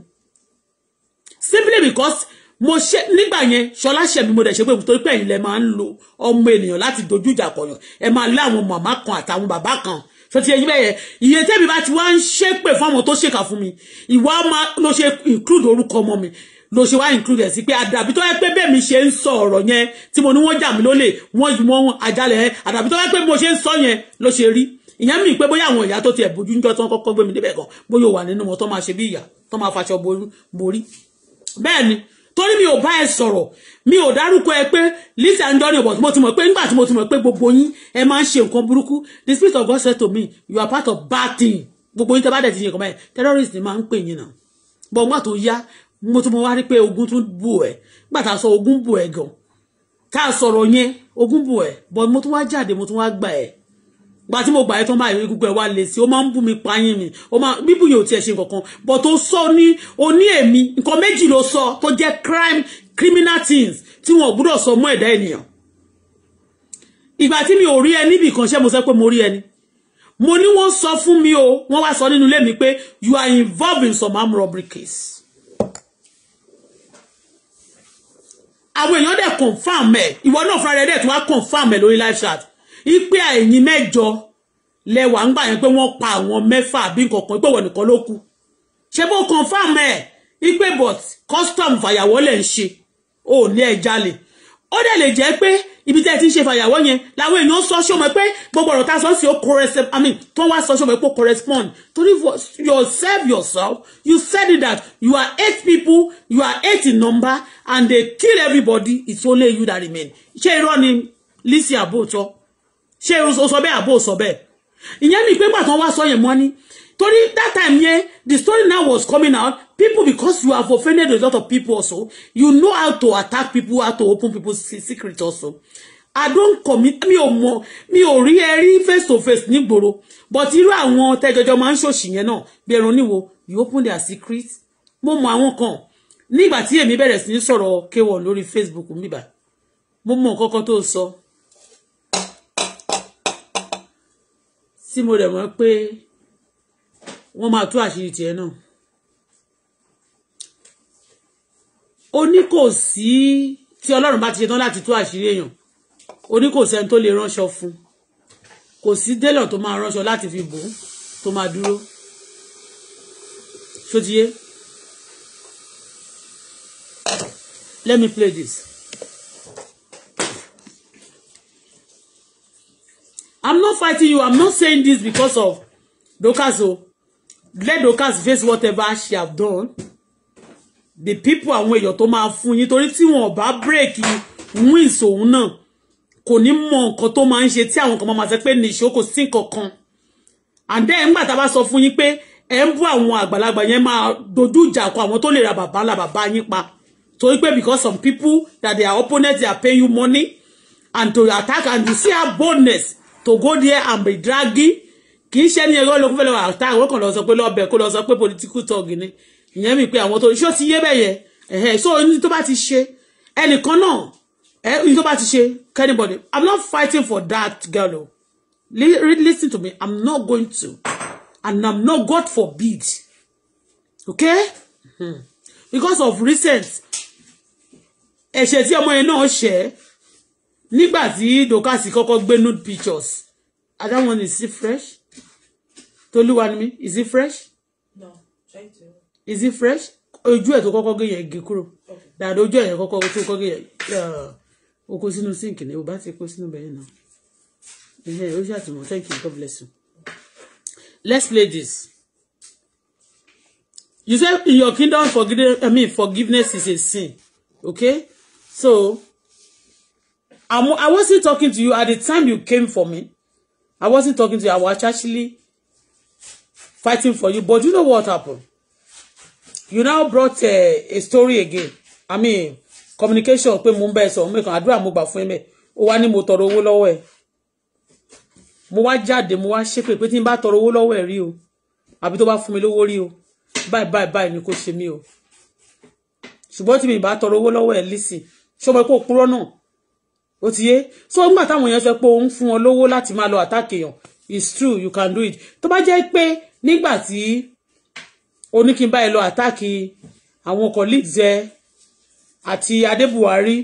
simply because mo ṣe nígbà yẹn ṣọlá ṣẹmi mo dẹ̀ ṣe pé nítorí pé ẹ̀yin lẹ máa ń lo ọmọ ènìyàn láti dojú ìjà kọyàn ẹ máa lé àwọn màmá kan àtàwọn bàbá kan so ti ẹ̀yin e bẹ́ẹ̀ iye tẹ́mi bá ti wá ń ṣépè fún àwọn tó ṣèkà fún mi ìwà máa ló ṣe include orúkọ ọmọ mi ló ṣe wá include ẹ̀ e sí pé àdàbí tó yẹ pé bẹ́ẹ̀ mi ṣe ń sọ ọ̀rọ̀ yẹn tí mo ní wọ́n jà mí lólè wọ́n ju wọn àjálẹ̀ ẹ̀ àdàbí tó yẹ pé mo ṣe ń e, sọ yẹn ló ṣe rí ìyẹn mi pé bóyá àwọn ìyá tó tiẹ̀ bójú ń jọ tí wọ́n kọ́kọ́ gbé mi débẹ̀ kan bóyá wà nínú wọn tó máa ṣe bí ìyá tó máa faṣọ borí bẹ́ẹ̀ ni torí mi ò bá ẹ sọ̀rọ̀ mi ò dárúkọ ẹ pé Lizzy Anjorin but mo ti mọ̀ pé nígbà tí mo ti mọ̀ pé gbogbo yín ẹ máa ń ṣe nǹkan burúkú the spirit of God said to me you are part of bad thing gbogbo yín tẹ bá dẹ̀ ti ṣe nǹkan báyìí terrorist ni máa ń pè yín náà bọ̀ nígbà tó yá mo tún mo wá rí pé ogun tún bù ẹ nígbà tá a sọ ogun bù ẹ gan tá a sọ̀rọ̀ yẹn ogun bù ẹ bọ̀ mo tún wá jáde mo tún wá gbà ẹ̀ gba tí mo gbà ẹ tán báyìí gbogbo ẹ wá lè sí ó máa ń bú mi payín mi ó máa bíbù yẹn ò tiẹ̀ ṣe kankan but ó sọ ní oní èmi nǹkan méjì ló sọ tó jẹ́ crime criminal things tí wọn ò gbúdọ̀ sọ mọ́ ẹ̀dá ènìyàn ìgbà tí mi ò rí ẹni bì kan ṣé mo sọ pé mo rí ẹni mo ní wọ́n sọ fún mi o wọ́n wá sọ nínú ilé mi pé you are involved in some armed robbery case àwọn èèyàn dẹ̀ confam ẹ̀ ìwọ náà fúnra rẹ̀ dẹ̀ tún wá confam ẹ̀ lórí live chat ipe ẹ̀yin mẹ́jọ lẹ́wà ń gbà yẹn pé wọ́n pa àwọn mẹ́fà bí nǹkankan pé wọ́n nìkan ló kù ṣé bó confam ẹ̀ ipe but custom fàyàwọ́ lẹ̀ ń ṣe ò ní ẹ̀ jalè ó dẹ̀ lè jẹ́ pé ibi tẹ́ ẹ ti ń ṣe fàyàwọ́ yẹn làwọn èèyàn sọ ṣé o pé gbogbo ọ̀rọ̀ tá a sọ sí o correspond i mean tó wá sọ ṣé o mọ̀ pé o correspond torí yourself yourself you said that you are eight people you are eight in number and they kill everybody it's only you that remain ṣé irọ́ ni Lizzy Àbótọ́ ṣé o sọ bẹ́ẹ̀ àbó o sọ bẹ́ẹ̀ ìyẹn mi pé pàtó wá sọ yẹn mọ́ ni torí that time yẹn the story now was coming out people because you have offended a lot of people also you know how to attack people how to open people's secret also i don't commit mi ò mọ̀ mi ò rí ẹrí face to face nígboro but irú àwọn tẹjọjọ máa ń ṣòṣì yẹn náà bí ẹran níwo you open their secret mo mọ̀ àwọn kan nígbà tí èmi bẹ̀rẹ̀ sí ní sọ̀rọ̀ kéwọ̀ lórí facebook mi bá mo mọ̀ kọ́kọ́ tó sọ. So tí mo rẹ̀ mọ́ pé wọ́n máa tú àṣírí tiẹ̀ náà ó ní kò sí tí ọlọ́run bá ti ṣetán láti tú àṣírí èèyàn ó ní kò sẹ́ni tó lè ránṣọ fún kò sí délọ̀ tó máa ránṣọ láti fi bò ó tó máa dúró ṣó ti yé let me play this. fighting you. I'm not saying this because of Dorcas. Oh. Let Dorcas face whatever she have done. The people àwọn èèyàn tó máa fún yín don't see one bá break wins òun náà kò Koni mo nǹkan tó máa ń ṣe tí àwọn kan máa sọ pé nìṣó kò sí kankan. And then ńgbà tá a bá sọ fún yín pé ẹ ń bú àwọn àgbàlagbà yẹn máa dojú ìjà kọ àwọn tó ra bàbá la bàbá yín pa. Torí pé because some people that their opponents they are paying you money and to attack and you see her boldness to go there and be dragging kì í ṣe ní ẹgbẹ́ olókùn fẹ́lẹ́ wà tá àwọn kan lọ sọ pé lọ́bẹ̀ kó lọ sọ pé political talk ni ìyẹn mi pé àwọn tó ṣó ti yé bẹ́yẹ ẹ̀hẹ́ so ní tó bá ti ṣe ẹnìkan náà ẹ ní tó bá ti ṣe anybody i'm not fighting for that girl o listen to me i'm not going to and i'm not God forbid okay hmm because of recent ẹ̀ṣẹ̀ tí ọmọ yẹn náà ṣẹ̀ nígbà tí Dorcas kọ́kọ́ gbé nude pictures i don't want to see fresh tolúwa ni mi is it fresh no try to is it fresh ojú ẹ̀ tó kọ́kọ́ gé yẹn gé kúrò dàdó ojú ẹ̀ yẹn kọ́kọ́ tó kọ́kọ́ gé yẹn o uh, kó sínú sínkì ni o bá ti kó sínú bẹ́ẹ̀ náà ẹ̀hẹ́ o ṣe àtìmọ́ thank you god bless you let's play this you say in your kingdom forgiveness, I mean, forgiveness is a sin okay so. I'm, I wasn't talking to you at the time you came for me. I wasn't talking to you. I was actually fighting for you. But you know what happened? You now brought uh, a story again. I mean, communication pé mo ń bẹ́ẹ̀ sọ mo kàn àdúrà mo gbà fún ẹ̀mẹ́ ó wá ní mo tọrọ owó lọ́wọ́ ẹ̀ mo wá jáde mo wá ṣépè pé tí n bá tọrọ owó lọ́wọ́ ẹ̀ rí o àbí tó bá fún mi lówó rí o báyìí báyìí báyìí ni kò ṣe mí o ṣùgbọ́n tí mi bá tọrọ owó lọ́wọ́ ẹ̀ lísì ṣọmọ pé òpúrọ́ náà ó ti yé so nígbà táwọn èèyàn sọ pé òun fún wọn lówó láti máa lọ attack èèyàn it's true you can do it tó bá jẹ́ pé nígbà tí oníkínbá ẹ lọ attack àwọn colleagues ẹ àti adébuwárí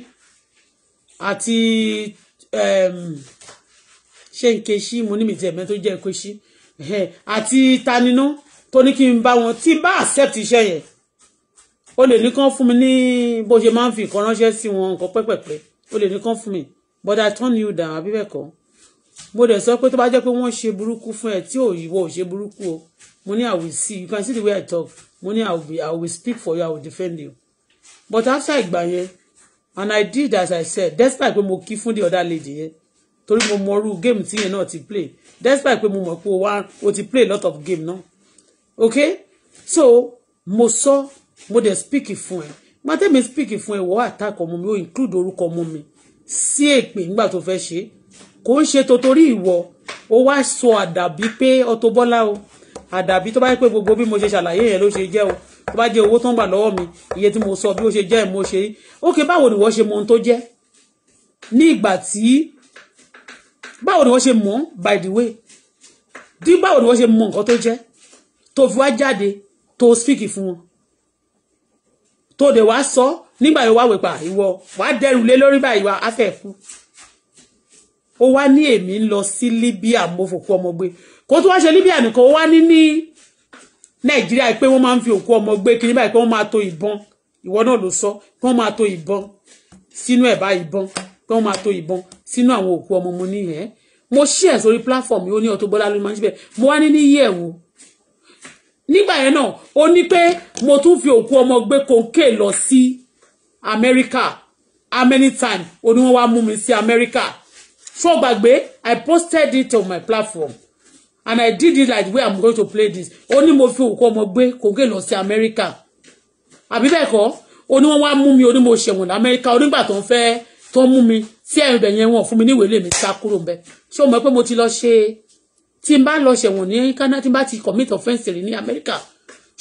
àti ehm, ṣé nkeṣí mo ní mi tiẹ̀ mẹ́ tó jẹ́ nkeṣí àti taninú tó ní kí n bá wọn tí bá accept iṣẹ́ yẹn o lè ní kán fún mi ní bó ṣe máa ń fi nǹkan ránṣẹ́ sí wọn nǹkan pẹ́pẹ́pẹ́ o lè ní kán fún mi but I turn you down àbí bẹ́ẹ̀ kọ́ mo dẹ̀ sọ pé tó bá jẹ́ pé wọ́n ṣe burúkú fún ẹ tí òyìnbó ò ṣe burúkú o mo ní I will see you can see the way I talk mo ní I will be I will speak for you I will defend you but after ìgbà yẹn and I did as I said despite pé mo kí fún the other lady yẹn torí mo mọ irú game tí yẹn náà ti play despite pé mo mọ̀ pé o wá o ti play a lot of game náà okay so mo sọ mo dẹ̀ speak fún ẹ gba tèmi speak fún ẹ̀wọ́ attack ọmọ ó include orúkọ ọmọ mi sí èpè nígbà tó fẹ́ ṣe kò ń ṣe torí ìwọ ó wá sọ àdàbí pé Auto Bola o àdàbí tó bá yẹ pé gbogbo bí mo ṣe ṣàlàyé yẹn ló ṣe jẹ́ o tó bá jẹ́ owó tó ń gbà lọ́wọ́ mi iye tí mo sọ bí ó ṣe jẹ́ mo ṣe ókè báwo ni wọ́n ṣe mọ ohun tó jẹ́ ní ìgbà tí báwo ni wọ́n ṣe mọ̀ by the way dí báwo ni wọ́n ṣe mọ nǹkan tó jẹ́ tó fi wá jáde tó speak fún wọn tó dẹ̀ wá sọ nígbà yóò wá wẹ̀pà ìwọ wá dẹ́rù lé lórí báyìí wá afẹ́ fún ó wá ní èmi ń lọ sí Libya mo fòkú ọmọ gbé kó tó wá ṣe Libya nìkan ó wá ní ní Nàìjíríà pé wọ́n máa ń fi òkú ọmọ gbé kiri báyìí pé wọ́n máa to ìbọn ìwọ náà ló sọ pé wọ́n máa to ìbọn sínú ẹ̀bá ìbọn pé wọ́n máa to ìbọn sínú àwọn òkú ọmọ mo níyẹn mo ṣí ẹ̀ sórí platform yìí ní Auto Bola ló máa ń ṣe bẹ́ẹ̀ mo wá ní ní yí nígbà yẹn náà ó ní pé mo tún fi òkú ọmọ gbé kòńké lọ sí Amẹ́ríkà how many times ó ní wọ́n wá mú mi sí Amẹ́ríkà fọgbàgbé I posted it on my platform and I did it like the way I'm going to play this ó ní mo fi òkú ọmọ gbé kòńké lọ sí Amẹ́ríkà àbí bẹ́ẹ̀ kọ́ ó ní wọ́n wá mú mi ó ní mo ṣẹ̀wọ̀n lamẹ́ríkà onígbà tó ń fẹ́ tó ń mú mi sí ẹ̀rùn yẹn wọn fún mi níwèé lèmi sá kúrò ń bẹ̀ ṣé o mọ̀ pé mo ti lọ ṣe tí n bá lọ ṣẹ̀wọ̀n ní Canada tí n bá ti commit offence rí ní America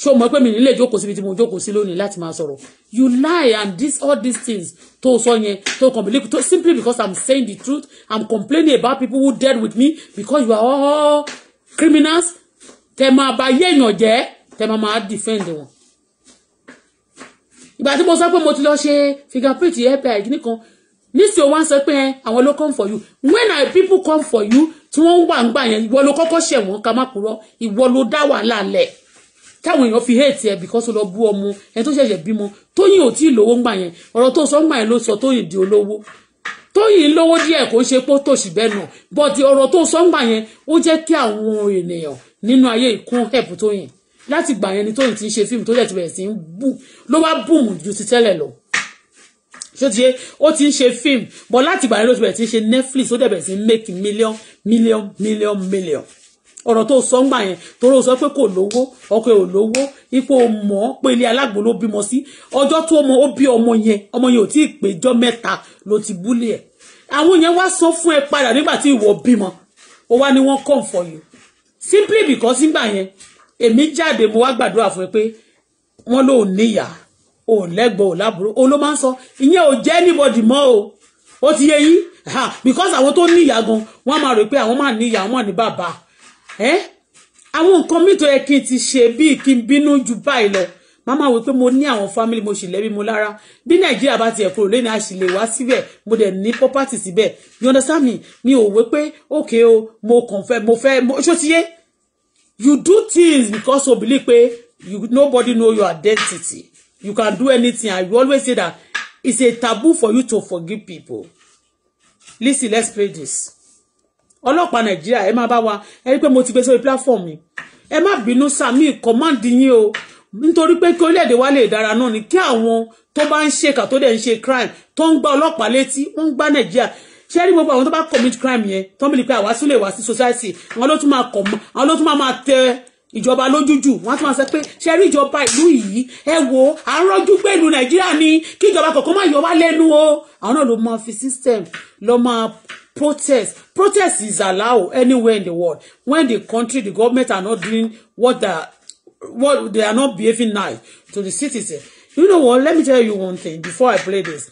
ṣé o mọ̀ pé mi nílé ìjókòó síbi tí mo jókòó sí lónìí láti máa sọ̀rọ̀ you lie and this all these things tó sọ yẹn tó kàn believe tó simply because I'm saying the truth I'm complaining about people who dealt with me because you are all criminals tẹ máa bà yé èèyàn jẹ́ tẹ máa máa defend wọn. ìgbà tí mo sọ pé mo ti lọ ṣe fingerprint fbi nìkan nísìnyí wọ́n sọ pé eh, àwọn ló come for you when I people come for you tí wọ́n wà ń gbà yẹn ìwọ ló kọ́kọ́ ṣẹ̀ wọ́n ká má purọ́ ìwọ ló dá wàhálà lẹ̀ táwọn èèyàn fi hate ẹ because ó lọ bú ọmọ ẹni tó ṣẹ̀ṣẹ̀ bímọ tóyìn ò tí ì lówó ń gbà yẹn ọ̀rọ̀ tó sọ ń gbà yẹn ló sọ tóyìn di olówó tóyìn lówó díẹ̀ kò ń ṣe pé tòṣì bẹ́ẹ̀ nà but ọ̀rọ̀ tó sọ ń gbà yẹn ó jẹ́ kí àwọn ènìyàn nínú ayé ìkún help tóyìn láti gbà yẹn ni tóyìn ti ń ṣe fíìmù tó dẹ̀ ti bẹ̀rẹ̀ sí ń bù ló wá bùmù ju ti tẹ́lẹ̀ lọ ṣé ti ṣe ó ti ń ṣe fíìmù bọ̀ láti ìgbà yẹn bẹ̀rẹ̀ ti ń ṣe Netflix ó dẹ̀ bẹ̀rẹ̀ sí make million million million million ọ̀rọ̀ tó sọ ń gbà yẹn torí ó sọ pé kò lówó ọkọ ẹ̀ ò lówó ipò mọ̀ ọ́ pé ilé alágbo ló bímọ sí ọjọ́ tó mọ ó bí ọmọ yẹn ọmọ yẹn ò tí ì péjọ mẹ́ta ló ti búlé ẹ̀ àwọn yẹn wá sọ fún ẹ padà nígbà tí ìwọ bímọ ó wá ní wọ́n come for you simply because nígbà yẹn èmi jáde mo wá gbàdúrà fún ẹ pé wọ́n lóò níyàá ò lẹ́gbọ̀ọ́ ò lábúrò o ló máa ń sọ ìyẹn ò jẹ́ anybody mọ́ o ó ti yẹ yín because àwọn tó ní ìyá gan wọ́n máa rò pé àwọn máa ní ìyá àwọn máa ní bàbá ẹ́ àwọn nǹkan míì tó yẹ kí n ti ṣe bíi kí n bínú ju báyìí lọ màá máa wò pé mo ní àwọn family mo sì lẹ́bí mo lára bí nàìjíríà bá tiẹ̀ kúrò lẹ́ni àṣìlè wá síbẹ̀ mo dẹ̀ ní property síbẹ̀ you understand me mi ò wé pé òkè o mo kàn fẹ́ mo fẹ́ mo ṣó ti yé you do things because o believe pé nobody know your identity You can do anything. I always say that it's a taboo for you to forgive people. Listen, let's pray this. ọlọ́pàá nàìjíríà ẹ máa bá wa ẹ rí pé mo ti gbé sórí platform mi ẹ má bínú sami command yín o nítorí pé kí orílẹ̀-èdè wa lè dára náà ni kí àwọn tó bá ń ṣèkà tó dẹ̀ ń ṣe crime tó ń gba ọlọ́pàá létí wọ́n ń gba nàìjíríà ṣé rí gbogbo àwọn tó bá commit crime yẹn tó ń bìlì pé àwa tún lè society àwọn ló tún máa kọ̀ mọ́ àwọn ló tún máa máa ìjọba lójújù wọn tún máa sọ pé ṣe rí ìjọba ìlú yìí ẹ wo à ń rọjú pé ìlú nàìjíríà ni kí ìjọba kọ̀ọ̀kan má yọ wá lẹ́nu o àwọn náà ló máa fi system ló máa protest protest is allowed anywhere in the world when the country the government are not doing what they are what they are not behaving nice to the citizen you know what let me tell you one thing before i play this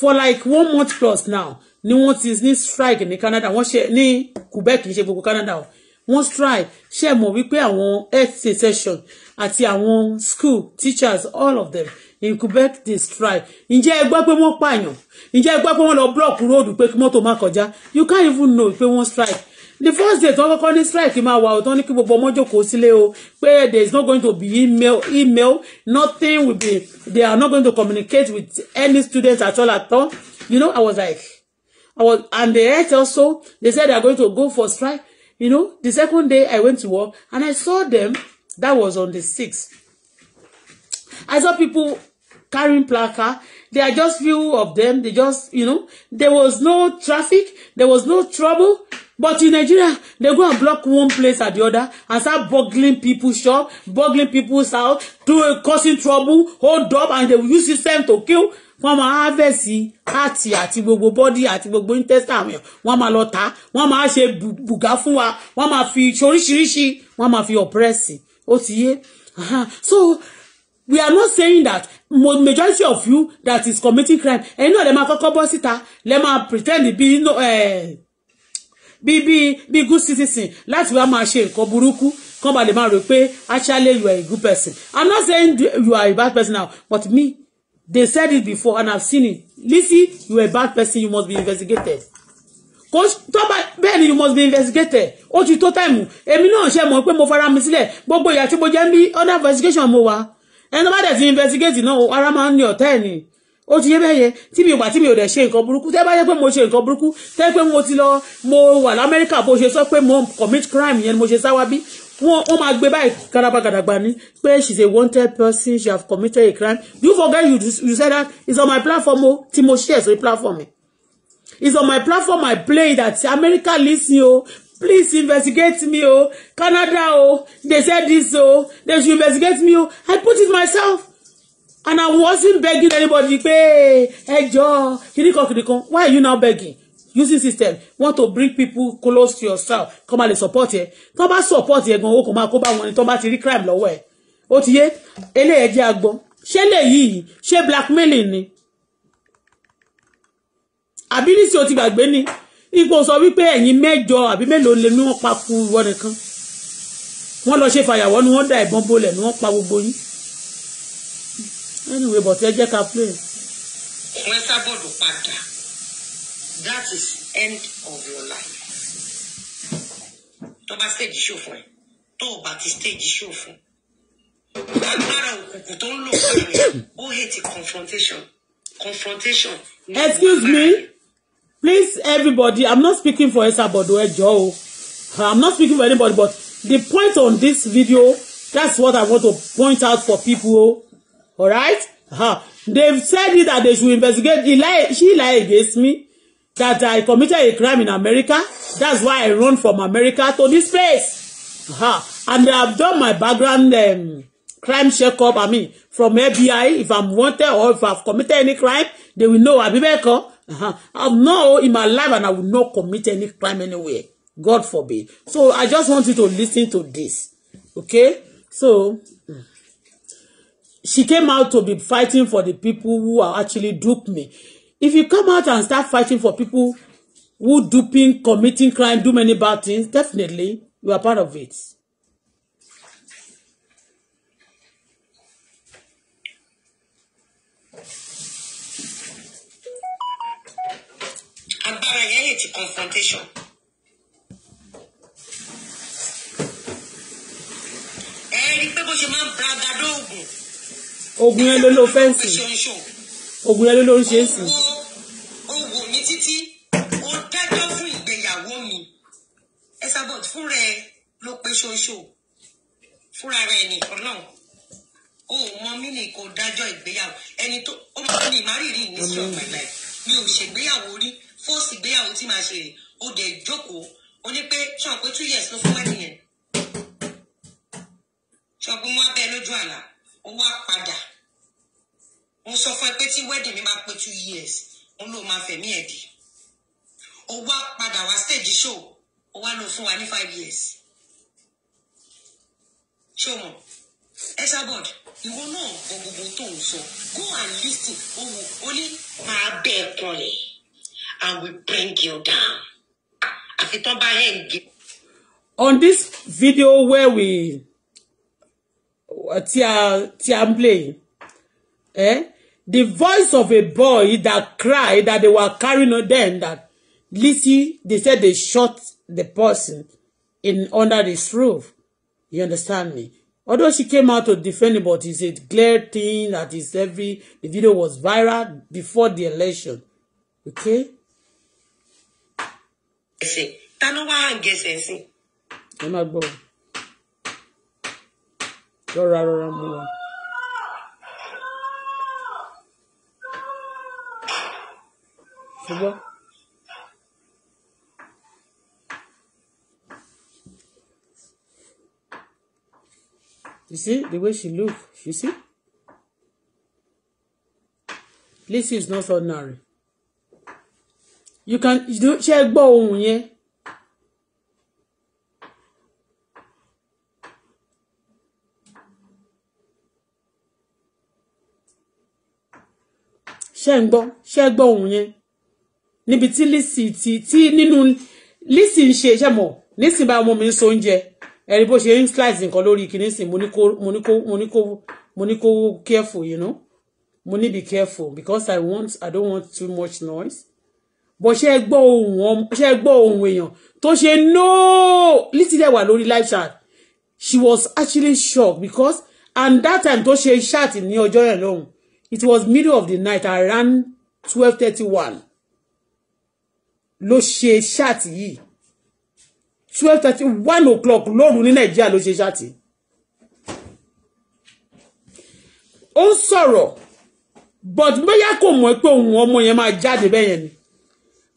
for like one month plus now ni wọn ti ní strike ní Canada wọn ṣe ní Quebec kì í ṣe gbogbo Canada o wọ́n strike ṣe mọ̀ wípé àwọn health section àti àwọn school teachers all of them incubate the strike ǹjẹ́ ẹ gbọ́ pé wọ́n pààyàn ǹjẹ́ ẹ gbọ́ pé wọ́n lọ block road pé kí mọ́tò má kọjá you can't even know pé wọ́n strike the first day tí wọ́n kọ́kọ́ ní strike máa wà ọ̀tọ́ ní kí gbogbo ọmọ jókòó sílé o pé there is not going to be email email nothing will be they are not going to communicate with any student at all at all you know I was like I was and the health also they said they are going to go for strike You know, the second day I went to work and I saw them. That was on the sixth. I saw people carrying placard. There are just few of them. They just, you know, there was no traffic, there was no trouble. But in Nigeria, they go and block one place at the other and start burgling people's shop, burgling people's house, doing, causing trouble, hold up, and they will use system to kill. wọ́n máa harvest àti àti gbogbo body àti gbogbo intestine àwọn èèyàn wọ́n máa lọ tà wọ́n máa ṣe bùgá fún wa wọ́n máa fi oríṣiríṣi wọ́n máa fi oppress ó ti yé so we are not saying that majority of you that is committing crime ẹ̀yin náà lè máa kọ́kọ́ bọ́ síta lè máa pretend bí no bí bí bí good citizen láti wá máa ṣe nǹkan burúkú kán ba lè máa rò pé actually you are a good person i'm not saying you are a bad person now but me they said it before and i've seen it Lizzy you are a bad person you must be investigated kò tọ́ba bẹ́ẹ̀ you must be investigated ó ti tó táìmù èmi náà ṣe mọ̀ pé mo fara mi sílẹ̀ gbogbo ìyà tí mo jẹ́ ń under investigation mo wà ẹni tó bá dẹ̀ ti investigate náà ara máa ń ní ọ̀tá ẹ̀ ni ó ti yé bẹ́yẹn tí mi ìgbà tí mi ò dẹ̀ ṣe nǹkan burúkú tẹ́ bá yẹ pé mo ṣe nǹkan burúkú tẹ́ pé mo ti lọ mo wà lamẹ́ríkà bó ṣe sọ pé mo commit crime yẹn ni mo ṣe sáwá bí wọ́n máa gbé báyìí karabagàdàgbà ni pé she is a wanted person she have committed a crime do you forget you, you said that it's on my platform o tí mo share sórí platform mi it's on my platform I play that America listen o please investigate me oh Canada oh. they said this oh. they should investigate me oh. I put it myself and I wasn't begging anybody pé ẹjọ́ kìnìkan kìnìkan why are you now begging using system want to bring people close to yourself Come máa lè support ẹ tó bá support ẹ gan owó kò máa kó bá wọn ni tó bá ti rí crime lọ́wọ́ ẹ ó ti yé eléyẹ jẹ́ agbọ́n ṣé léyìí ṣé blackmailing ni àbí nísìnyí o ti gbàgbé ni ikú sọ wípé ẹ̀yin mẹ́jọ àbí mélòó lè ní wọ́n pa kú wọ́n nìkan wọ́n lọ ṣe fàyàwọ́ ni wọ́n dá ìbọn bolẹ̀ ni wọ́n pa gbogbo yín anyway but ẹ jẹ́ ká play. wọ́n sábọ̀dù padà that is end of your life tó bá stage show fún ẹ tó o bá ti stage show agbára òkùnkùn tó ń lò fún ẹ ó hate confrontation confrontation. excuse me please everybody i'm not speaking for Esther Bodo Ejo oh. i'm not speaking for anybody but the point on this video that's what i want to point out for people oh. all right uh, they've said it that they should investigate he lie she lie against me that i committed a crime in America that's why i run from America to this place uh, and they have done my background um, crime up. i mean from FBI if i'm wanted or if i've committed any crime they will know Abibeko. bẹ́ẹ̀ kọ́ Uh-huh. I'll uh, know in my life and I will not commit any crime anywhere. God forbid. So I just want you to listen to this. Okay? So mm. she came out to be fighting for the people who are actually duped me. If you come out and start fighting for people who duping, committing crime, do many bad things, definitely you are part of it. yẹn lè ti confrontation. ẹ rí i pé bó ṣe máa ń bragado oògùn. oògùn yẹn ló ló fẹ́ǹsì oògùn yẹn ló ló ń ṣe é sí. oògùn mi títí O, dájọ́ fún ìgbéyàwó mi ẹ sábọ̀d fúnra ẹ ló pe ṣoṣo fúnra rẹ ní ọlọ́run o mọ mí ni kò dájọ́ ìgbéyàwó ẹni tó O, máa ní ìmárìrì ìmísí ọ̀pọ̀ ìgbà mi ò ṣègbéyàwó rí post ìgbéyàwó tí màá ṣe ó dẹ̀ jókòó ó ní pé ṣàn pé two years ló fún wedding yẹn ṣàn pé wọ́n á bẹ́ẹ̀ lójú àlá ó wá padà mo sọ fún ẹ pé tí wedding mi máa pé two years òun ló máa fẹ̀mí ẹ̀ dì ó wá padà wá stage show ó wá lọ fún wa ní five years ṣé o mọ̀ Esabod ìwọ náà gbogbo tó ń sọ go and listen ó wò ó ní máa bẹ́ẹ̀ kan lẹ̀ and we bring you down. On this video where we uh, Tia Tia play, eh? The voice of a boy that cried that they were carrying on them that Lizzie, they said they shot the person in under his roof. You understand me? Although she came out to defend him, but it's a clear thing that is every the video was viral before the election. Okay? ẹsẹ̀ ta ló wá àǹgẹ̀sẹ̀ sí. ẹ máa gbọ́ rọra rọra mú wa. ṣùgbọ́n. You see the way she look, you see? Lizzy is not ordinary you can do ṣe gbọ́ ohun yẹn. ṣe ń gbọ́ ṣe gbọ́ ohun yẹn níbi tí Lizzy ti tí nínú Lizzy ń ṣe iṣẹ́ mọ̀ Lizzy bá ọmọ mi ń so oúnjẹ ẹ̀rí bó ṣe ń slice nǹkan lórí kìíní sí mo ní kó mo ní kó mo ní kó mo ní kó careful you know mo ní be careful because I want I don't want too much noise bó ṣe gbọ́ ohùn ọmọ ṣe gbọ́ ohùn èèyàn tó ṣe nóò lítìlẹ̀ wà lórí live chat she was actually shocked because and that time tó ṣe chat ní ọjọ́ yẹn lọ́hùn it was middle of the night around twelve thirty one ló ṣe chat yìí twelve thirty one o'clock lóru ní nàìjíríà ló ṣe chat yìí ó ń sọ̀rọ̀ but bóyá kò mọ̀ pé òun ọmọ yẹn máa jáde bẹ́yẹn ni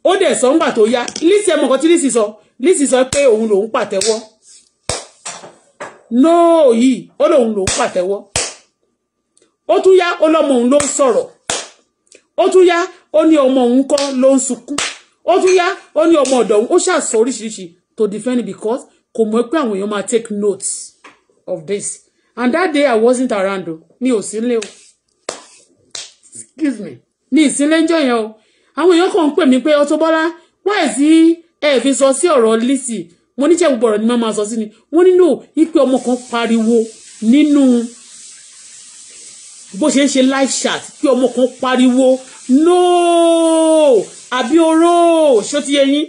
ó dẹ̀ sọ ńgbà tó yá Lizzy ẹ ti tí Lizzy sọ Lizzy sọ pé òun lòun pàtẹ́wọ́ nóò yìí ó lòun lòun pàtẹ́wọ́ ó tún yá lo òun ló ń sọ̀rọ̀ ó tún yá ó ní ọmọ òun kọ́ ló ń sunkún ó tún yá ó to defend because kò mọ̀ pé àwọn èèyàn take note of this and that day I wasn't around o mi ò o àwọn èèyàn kan ń pè mí pé Auto Bola wáyé tí ẹ fi sọ sí ọ̀rọ̀ Lizzy mo níṣẹ́ gbogbo ọ̀rọ̀ ni mo máa sọ sí ni wọ́n nílò ipe ọmọ kan pariwo nínú bó ṣe ń ṣe live chat kí ọmọ kan pariwo nóò àbí oró ṣó ti yẹ yín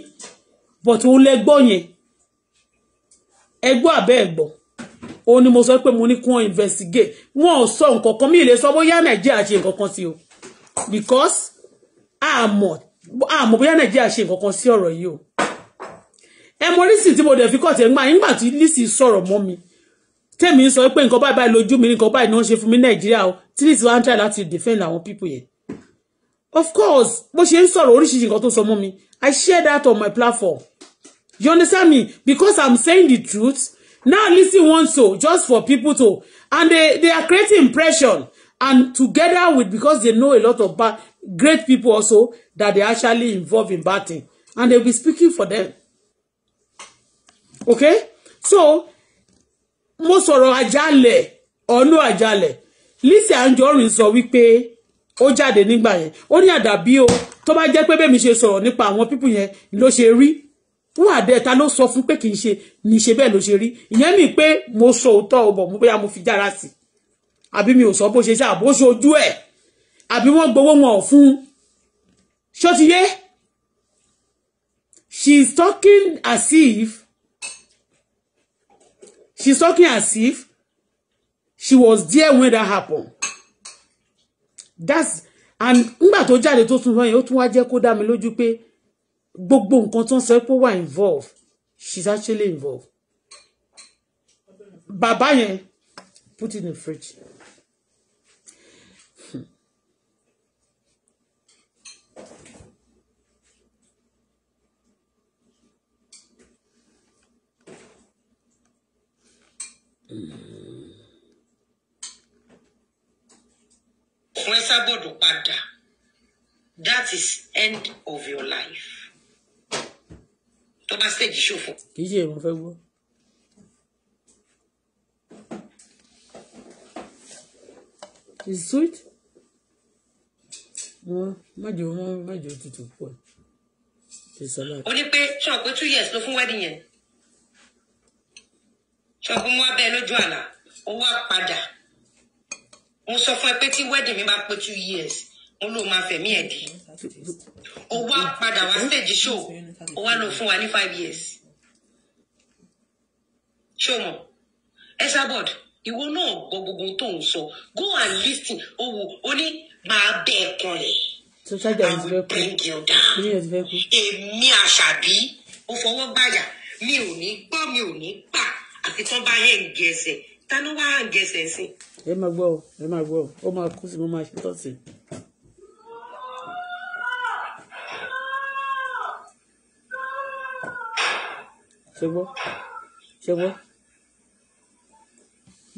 but òun lẹ́gbọ́ yẹn ẹgbọ́ àbẹ́ ẹ̀gbọ́ òun ni mo sọ pé mo ní kí wọ́n investigate wọ́n ò sọ nǹkan kan mí ìlẹ̀ sọ bóyá Nàìjíríà ṣe nǹkan kan sí o because àmọ́ àmọ́ bóyá nàìjíríà ṣe nǹkan kan sí ọ̀rọ̀ yìí o ẹ mọ rísì tí mo dẹ̀ fi kọ̀tẹ̀ ńgbà yín gbà tí lísì sọ̀rọ̀ mọ́ mi tèmi ń sọ pé nǹkan báyìí báyìí lójú mi nǹkan báyìí ni wọ́n ṣe fún mi nàìjíríà o tí lísì wá ń tà láti defend àwọn people yẹn of course bó ṣe ń sọ̀rọ̀ oríṣiríṣi nǹkan tó sọ mọ́ mi I share that on my platform you understand me because I'm saying the truth now Lizzy wants so just for people to and they they are creating impression and together with because they know a lot of bad great people also that they actually involved in bad thing and they'll be speaking for them okay so mo sọ̀rọ̀ àjálẹ̀ ọ̀nà àjálẹ̀ Lizzy Anjorin sọ wípé ó jáde nígbà yẹn ó ní àdàbí o tó bá jẹ́ pé bẹ́ẹ̀ mi ṣe sọ̀rọ̀ nípa àwọn pípù yẹn ló ṣe rí wà dẹ́ ta ló sọ fún pé kì í ṣe ní ṣe bẹ́ẹ̀ ló ṣe rí ìyẹn mi pé mo sọ òótọ́ ọ̀bọ̀ mo bóyá mo fi jára sí àbí mi ò sọ bó ṣe ṣáà bó ṣojú àbí wọ́n gbowó wọn fún ṣó ti yé she is talking as if she is talking as if she was there when that happened that's and ngbà tó jáde tó tún lọ́yìn ó tún wá jẹ́ kó dá mi lójú pé gbogbo nǹkan tó ń sọ pé wà involved she is actually involved bàbá yẹn put in the fridge. Ọkùnrin sábòdò padà. That is end of your life. Tó bá stage ṣòfò. Kì í ṣe èrò fẹ́ gbọ́. It's sweet. Wọ́n májò wọ́n májò tutù pọ̀. Ó ní pé ṣọ́ọ̀pẹ́ two years ló fún wedding yẹn ṣọgbọ́n wá bẹ́ẹ̀ lójú àlá ó wá padà mo sọ fún ẹ pé tí wedding mi bá pé two years mo ló máa fẹ̀mí ẹ̀ dé ó wá padà wá stage show ó wá lọ fún wa ní five years ṣó mọ̀ ẹ sábọ̀d ìwọ náà gbọ́ gbogbo tó ń sọ go and listen owó ó ní máa bẹ́ẹ̀ kan rẹ̀ i will bring you down èmi àṣàbí ó fọwọ́ gbàyà mi ò ní gbọ́ mi ò ní gbà àfi tán bá hẹ̀ ń gẹ̀ẹ́sẹ̀ tánú wá hàn gẹ̀ẹ́sẹ̀ sí. ẹ máa gbọ́ ọ ẹ máa gbọ́ ọ ó máa kú sí mo máa ṣe tọ́sí. ṣe gbọ́ ṣe gbọ́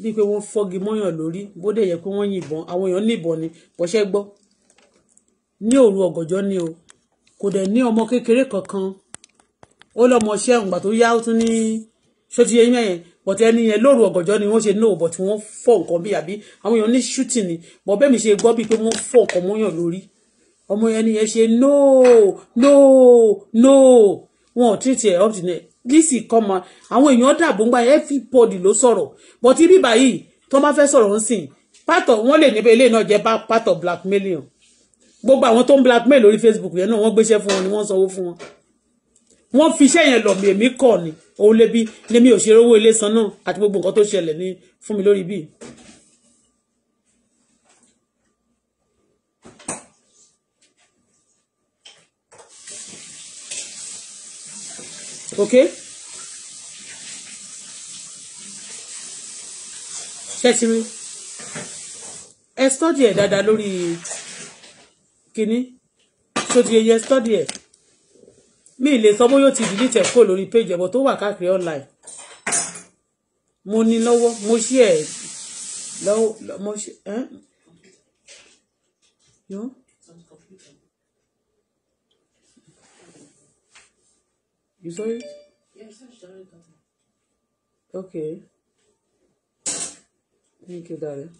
bíi pé wọ́n fọ́gi mọ́yàn lórí bó dẹ̀ yẹ pé wọ́n yìnbọn àwọn èèyàn níbọn ni bọ́ṣẹ́ gbọ́ ní òru ọ̀gànjọ́ ni o kò dẹ̀ ní ọmọ kékeré kankan ó lọ́mọ ṣẹ́ òǹgbà tó yá ó tún ní. Ni ṣó ti yẹ yín mẹ́yẹn but ẹni yẹn lóru ọ̀gànjọ́ ni wọ́n ṣe no but wọ́n fọ́ nǹkan bí àbí àwọn èèyàn ní shooting ni but bẹ́ẹ̀ mi ṣe gbọ́ bíi pé wọ́n fọ́ nǹkan mọ́yàn lórí ọmọ ẹni yẹn ṣe no no no wọn ò treat ẹ̀ up to now lisi kọ́mọ àwọn èèyàn dàbò ń gba everybody ló sọ̀rọ̀ but ibi báyìí tó bá fẹ́ sọ̀rọ̀ ń sìn pátọ̀ wọ́n lè níbẹ̀ ilé náà Part of blackmailing gbogbo àwọn tó ń blackmail lórí Facebook yẹn náà wọ́n gbéṣẹ́ fún wọn ni wọ́n sanwó fún wọn wọ́n fi iṣẹ́ yẹn lọ mi èmi kọ̀ ni òun lè bi lèmi ò ṣe owó ilé san náà àti gbogbo nǹkan tó ṣẹlẹ̀ ní fún mi lórí bíi. okay tẹ́tìrí ẹ stọ́dì ẹ̀ dáadáa lórí kínní tó di stọ́dì ẹ̀ mi lè sọ bóyá ó ti delete ẹ̀ kúrò lórí page ẹ̀bọ̀ tó wà káàkiri online mo ní lọ́wọ́ mo ṣí ẹ̀ lọ́wọ́ mo ṣí ẹ́ yó. You saw Okay. Thank you, darling.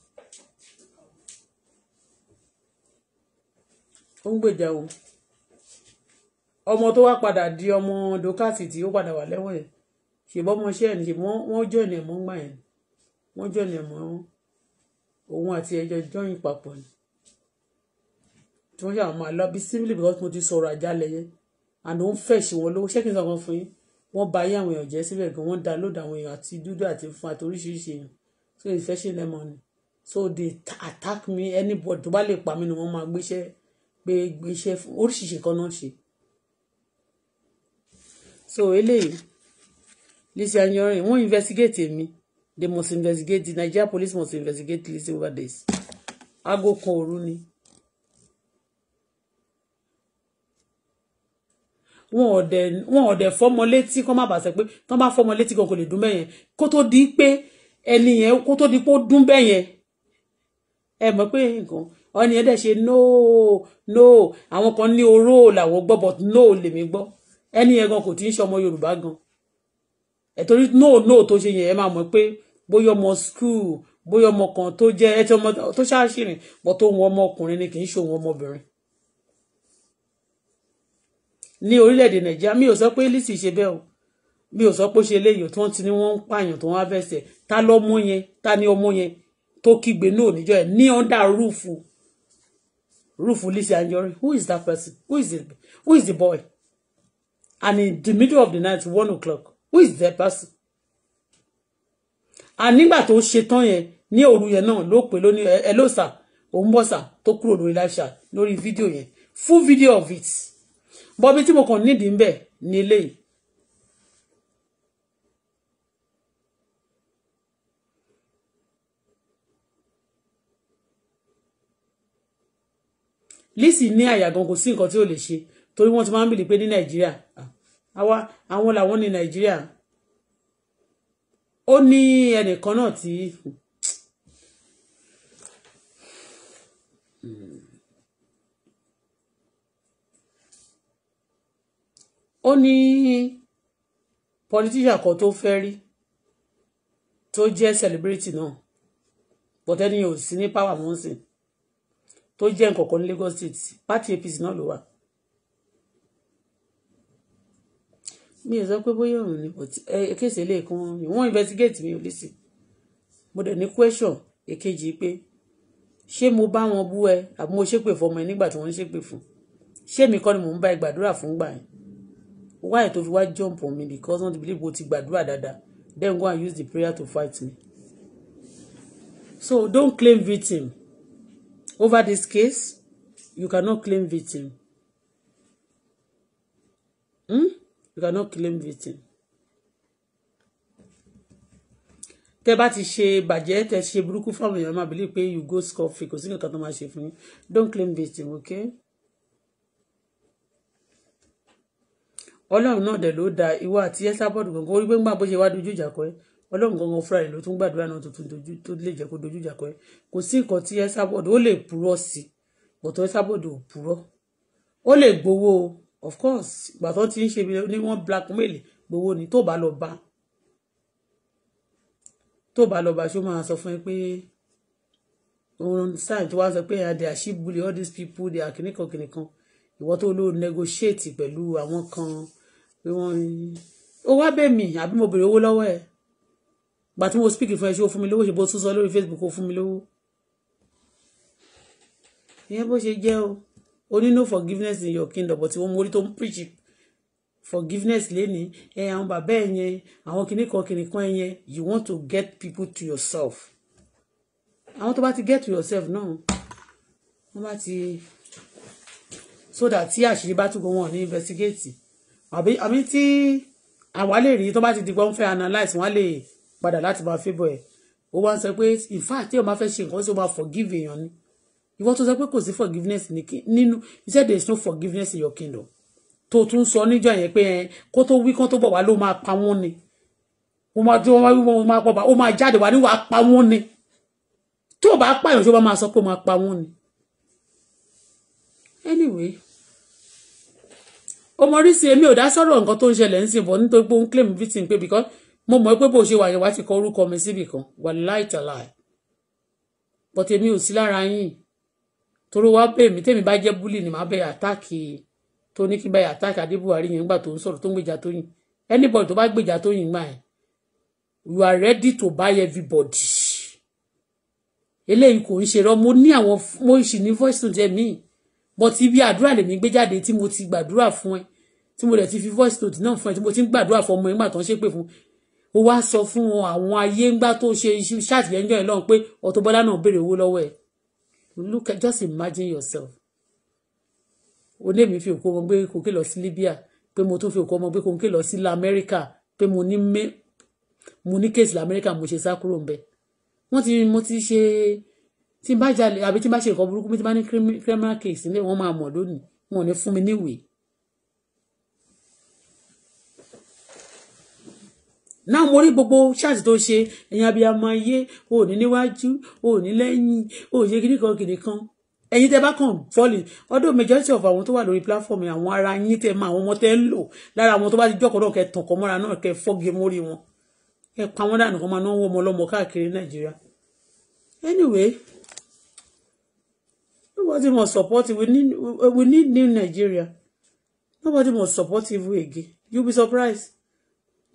Ó ń gbèjà òun ọmọ tó wá padà di ọmọ dókàtì tí ó padà wà lẹ́wọ̀n yẹn ṣèbọ́ ọmọọṣẹ́ ẹ̀ ṣèbọ́ wọ́n join ẹ̀ mọ́ ń gbà yẹn wọ́n join ẹ̀ mọ́ òun àti ẹjọ́ join papọ̀ ni tí wọ́n ṣàwọn máa lọ bí simply because mo ti sọ̀rọ̀ àjálẹ̀ yẹn and òun fẹ̀ṣì wọn lówó ṣé kí n sọ kan fún yín wọ́n ba ayé àwọn èèyàn jẹ́ síbẹ̀ gan wọ́n download àwọn èèyàn àti dúdú àti fún àti oríṣiríṣi èèyàn so infection lemon ni so they attack me anybody tó bá lè pa mí ni wọ́n máa gbéṣẹ́ gbé gbéṣẹ́ oríṣiríṣi kan náà ṣe so eléyìí Lizzy Anjorin wọ́n investigate mi they must investigate the Nigeria police must investigate Lizzy over this aago kan òru ni wọn ò dẹ̀ wọn ò dẹ̀ fọmọ létí kó má bàa sẹ pé tán bá fọmọ létí kan kò lè dún bẹ́yẹn kó tó di pé ẹni yẹn kó tó di pé ó dún bẹ́yẹn ẹ mọ̀ pé nǹkan ọ̀nìyàn dẹ̀ ṣe no no àwọn kan ní oró làwọn gbọ́ but no lèmi gbọ́ ẹni yẹn gan kò tí ń ṣe ọmọ yorùbá gan ẹ torí nóò nóò tó ṣe yẹn ẹ máa mọ̀ pé bóyá ọmọ skul bóyá ọmọ kan tó jẹ́ ẹ ti ọmọ tó ṣáàṣìrìn pọ̀ tó wọn ọmọkùnrin ni kì í ṣe òun ọmọbìnrin ní orílẹ̀-èdè nàìjíríà mi ò sọ pé lisi ṣe bẹ́ẹ̀ o mi ò sọ pé ó ṣe léyìn tí wọ́n ti ní wọ́n ń pààyàn tó wọ́n á fẹsẹ̀ ta lọ́mú yẹn ta ni ọmọ yẹn tó kígbe náà níjọ ẹ̀ ní ọ̀dà rúùfù rúùfù lisi anjorin who is that person who is the, who is the boy and in the middle of the night one o'clock who is that person and nígbà tó ṣe tán yẹn ní òru yẹn náà ló pè lóní ẹ ló sà òun bọ̀ sà tó kúrò lórí láṣà lórí fídíò yẹn full video of it bọ́bí tí mo kàn nídìí ń bẹ̀ ní eléyìí. Lizzy ní àyà gan kò sí nǹkan tí ó lè ṣe torí wọ́n ti máa ń bìlì pé ní nàìjíríà àwa àwọn làwọn ní nàìjíríà ó ní ẹnìkan náà tí ó ní pọlitíṣà kan tó fẹ́ rí tó jẹ́ celebrity náà bọ̀tẹ́ni ò sí ní power mọ́sìn tó jẹ́ nǹkan kan ní Lagos State party APC náà ló wà. mi ò sọ pé bóyá ọ̀run ni but kéèsì eh, eléyìí kan ìwọ̀n investigate mi ò lè sìn mo dẹ̀ ní question èkejì pé ṣé mo bá wọn bú ẹ àbí mo ṣépè fọmọ ẹ nígbà tí wọ́n ń ṣépè fún ṣé mi kọ́ ni mò ń bá ẹ fún gbà yẹn why tó fi wá jump on me because wọ́n ti believe mo ti gbàdúrà dáadáa then go and use the prayer to fight me so don't claim victim over this case you cannot claim victim you cannot claim victim. tẹ́ bá ti ṣe bàjẹ́ tẹ́ ṣe burúkú fáwọn èèyàn máa believe pé you go score free kò sí nǹkan tó máa ṣe fún yín don't claim victim okay. ọlọ́run náà dẹ̀ ló da ìwọ àti ẹ́sàbọ̀dù gangan orí pé ń gbà bó ṣe wá dojú ìjà kọ ẹ́ ọlọ́run gangan fúnra rẹ̀ ló tún gbàdúrà náà tuntun tó lè jẹ́ kó dojú ìjà kọ ẹ́ kò sí nǹkan tí ẹ́sàbọ̀dù ó lè purọ́ sí ọ̀tọ̀ ẹ́sàbọ̀dù ò purọ́ ó lè gbowó o of course ìgbà tó ti ń ṣe ni wọ́n blackmail gbowó ni tó bá lọ bá tó bá lọ bá ṣó máa sọ fún ẹ pé òun sáà tí wàá sọ pé adé ah, àṣìbùlé all these people they are kìnìkan kìnìkan ìwọ tó ló negotiate pẹ̀lú àwọn kan pé wọ́n ó wá bẹ̀ mí àbí mo bèrè owó lọ́wọ́ ẹ̀ gbà tí mo speak fún ẹ ṣé o fún mi lówó ṣe bó tún sọ lórí Facebook o fún mi lówó ìyẹn bó ṣe jẹ́ o. Only no forgiveness in your kingdom but wọ́n mórí to ń preach forgiveness lẹ́ni ẹ àwọn bàbá ẹ yẹn àwọn kìnnìkan kìnnìkan ẹ yẹn you want to get people to yourself àwọn tó bá ti get to yourself náà wọ́n bá ti so that tí àṣírí bá tún wọn ní investigate àbí àbí tí àwa lè rí tó bá ti di gbọ́n fẹ́ analyse wọ́n á lè padà láti máa favour ẹ̀ ó wá ń sọ pé in fact tí o máa fẹ́ ṣe nǹkan tí o máa forgive èèyàn ni ìwọ tó sọ pé kò sí forgiveness nínú you said there is no forgiveness in your kingdom tó tún sọ níjọ́ yẹn pé kó tó wí kán tó bọ̀ wá ló máa pa wọ́n ni ó máa tí wọ́n máa pọ̀ bá ó máa jáde wá níwàá pa wọ́n ni tó bá pààyàn tó bá máa sọ pé ó máa pa wọ́n ni. anyway ọmọ oríṣi èmi ò dá sọ̀rọ̀ nǹkan tó ń ṣẹlẹ̀ ń sìn bọ̀ nítorí pé ó ń claim victim pé because mo mọ̀ pé bó ṣe wà yẹn wá ti kọ orúkọ mi síbì kan wà láìtàláì but èmi ò sí lára yín torí wá bẹ́ẹ̀ mi tẹ́mi bá jẹ́ búlì ni màá bẹ́ẹ̀ àtáàkì tó ní kí n báyìí àtáàkì adébúwárí yẹn nígbà tó ń sọ̀rọ̀ tó ń gbèjà Tóyìn anybody tó bá gbèjà Tóyìn gbà yẹn you are ready to buy everybody eléyìí kò ń ṣe rọ mo ní àwọn mo sì ní voice note ẹ̀ míì but ibi àdúrà lèmi gbé jáde tí mo ti gbàdúrà fún ẹ tí mo dẹ̀ ti fi voice note náà fún ẹ tí mo ti ń gbàdúrà fún ọmọ ìgbà tó ń ṣépè fún ó wá sọ fún àwọn ayé ńgbà tó ṣe ṣáàtìlẹ́yìn jọ ẹ lọ́run pé Auto náà béèrè owó lọ́wọ́ ẹ̀ look at just imagine yourself onémi fi òkú ọmọ gbé kòkè lọ sí Libya pé mo tún fi òkú ọmọ gbé kòkè lọ sí lamẹ́ríkà pé mo ní mé mo ní kéèsì lamẹ́ríkà mo ṣe sá kúrò ńbẹ̀ wọ́n ti mo ti ṣe tí n bá jalè àbí tí n bá ṣe nǹkan burúkú mi tí n bá ní criminal case nílẹ̀ wọ́n máa mọ̀ lónìí wọn ò ní fún mi níwèé náà mo rí gbogbo ṣáàtì tó ṣe ẹ̀yin abiyamọ ayé ò ní níwájú ò ní lẹ́yìn ò ṣe kìnnìkan kìnnìkan ẹ̀yin tẹ́ bá kàn fọ́ọ̀lì ọdún majority of àwọn tó wà lórí platform àwọn ara yín tẹ́ máa àwọn ọmọ tẹ́ ń lò lára àwọn tó bá ti jókòó náà kẹ́ tàn kọ́ mọ́ra náà kẹ́ fọ́gi mórí wọn ẹ pa wọn dànù kọ́ máa náwó ọmọ ọlọ́mọ káàkiri nàìjíríà anyway nobody more supportive we need we need new nigeria nobody more supportive evil again you be surprised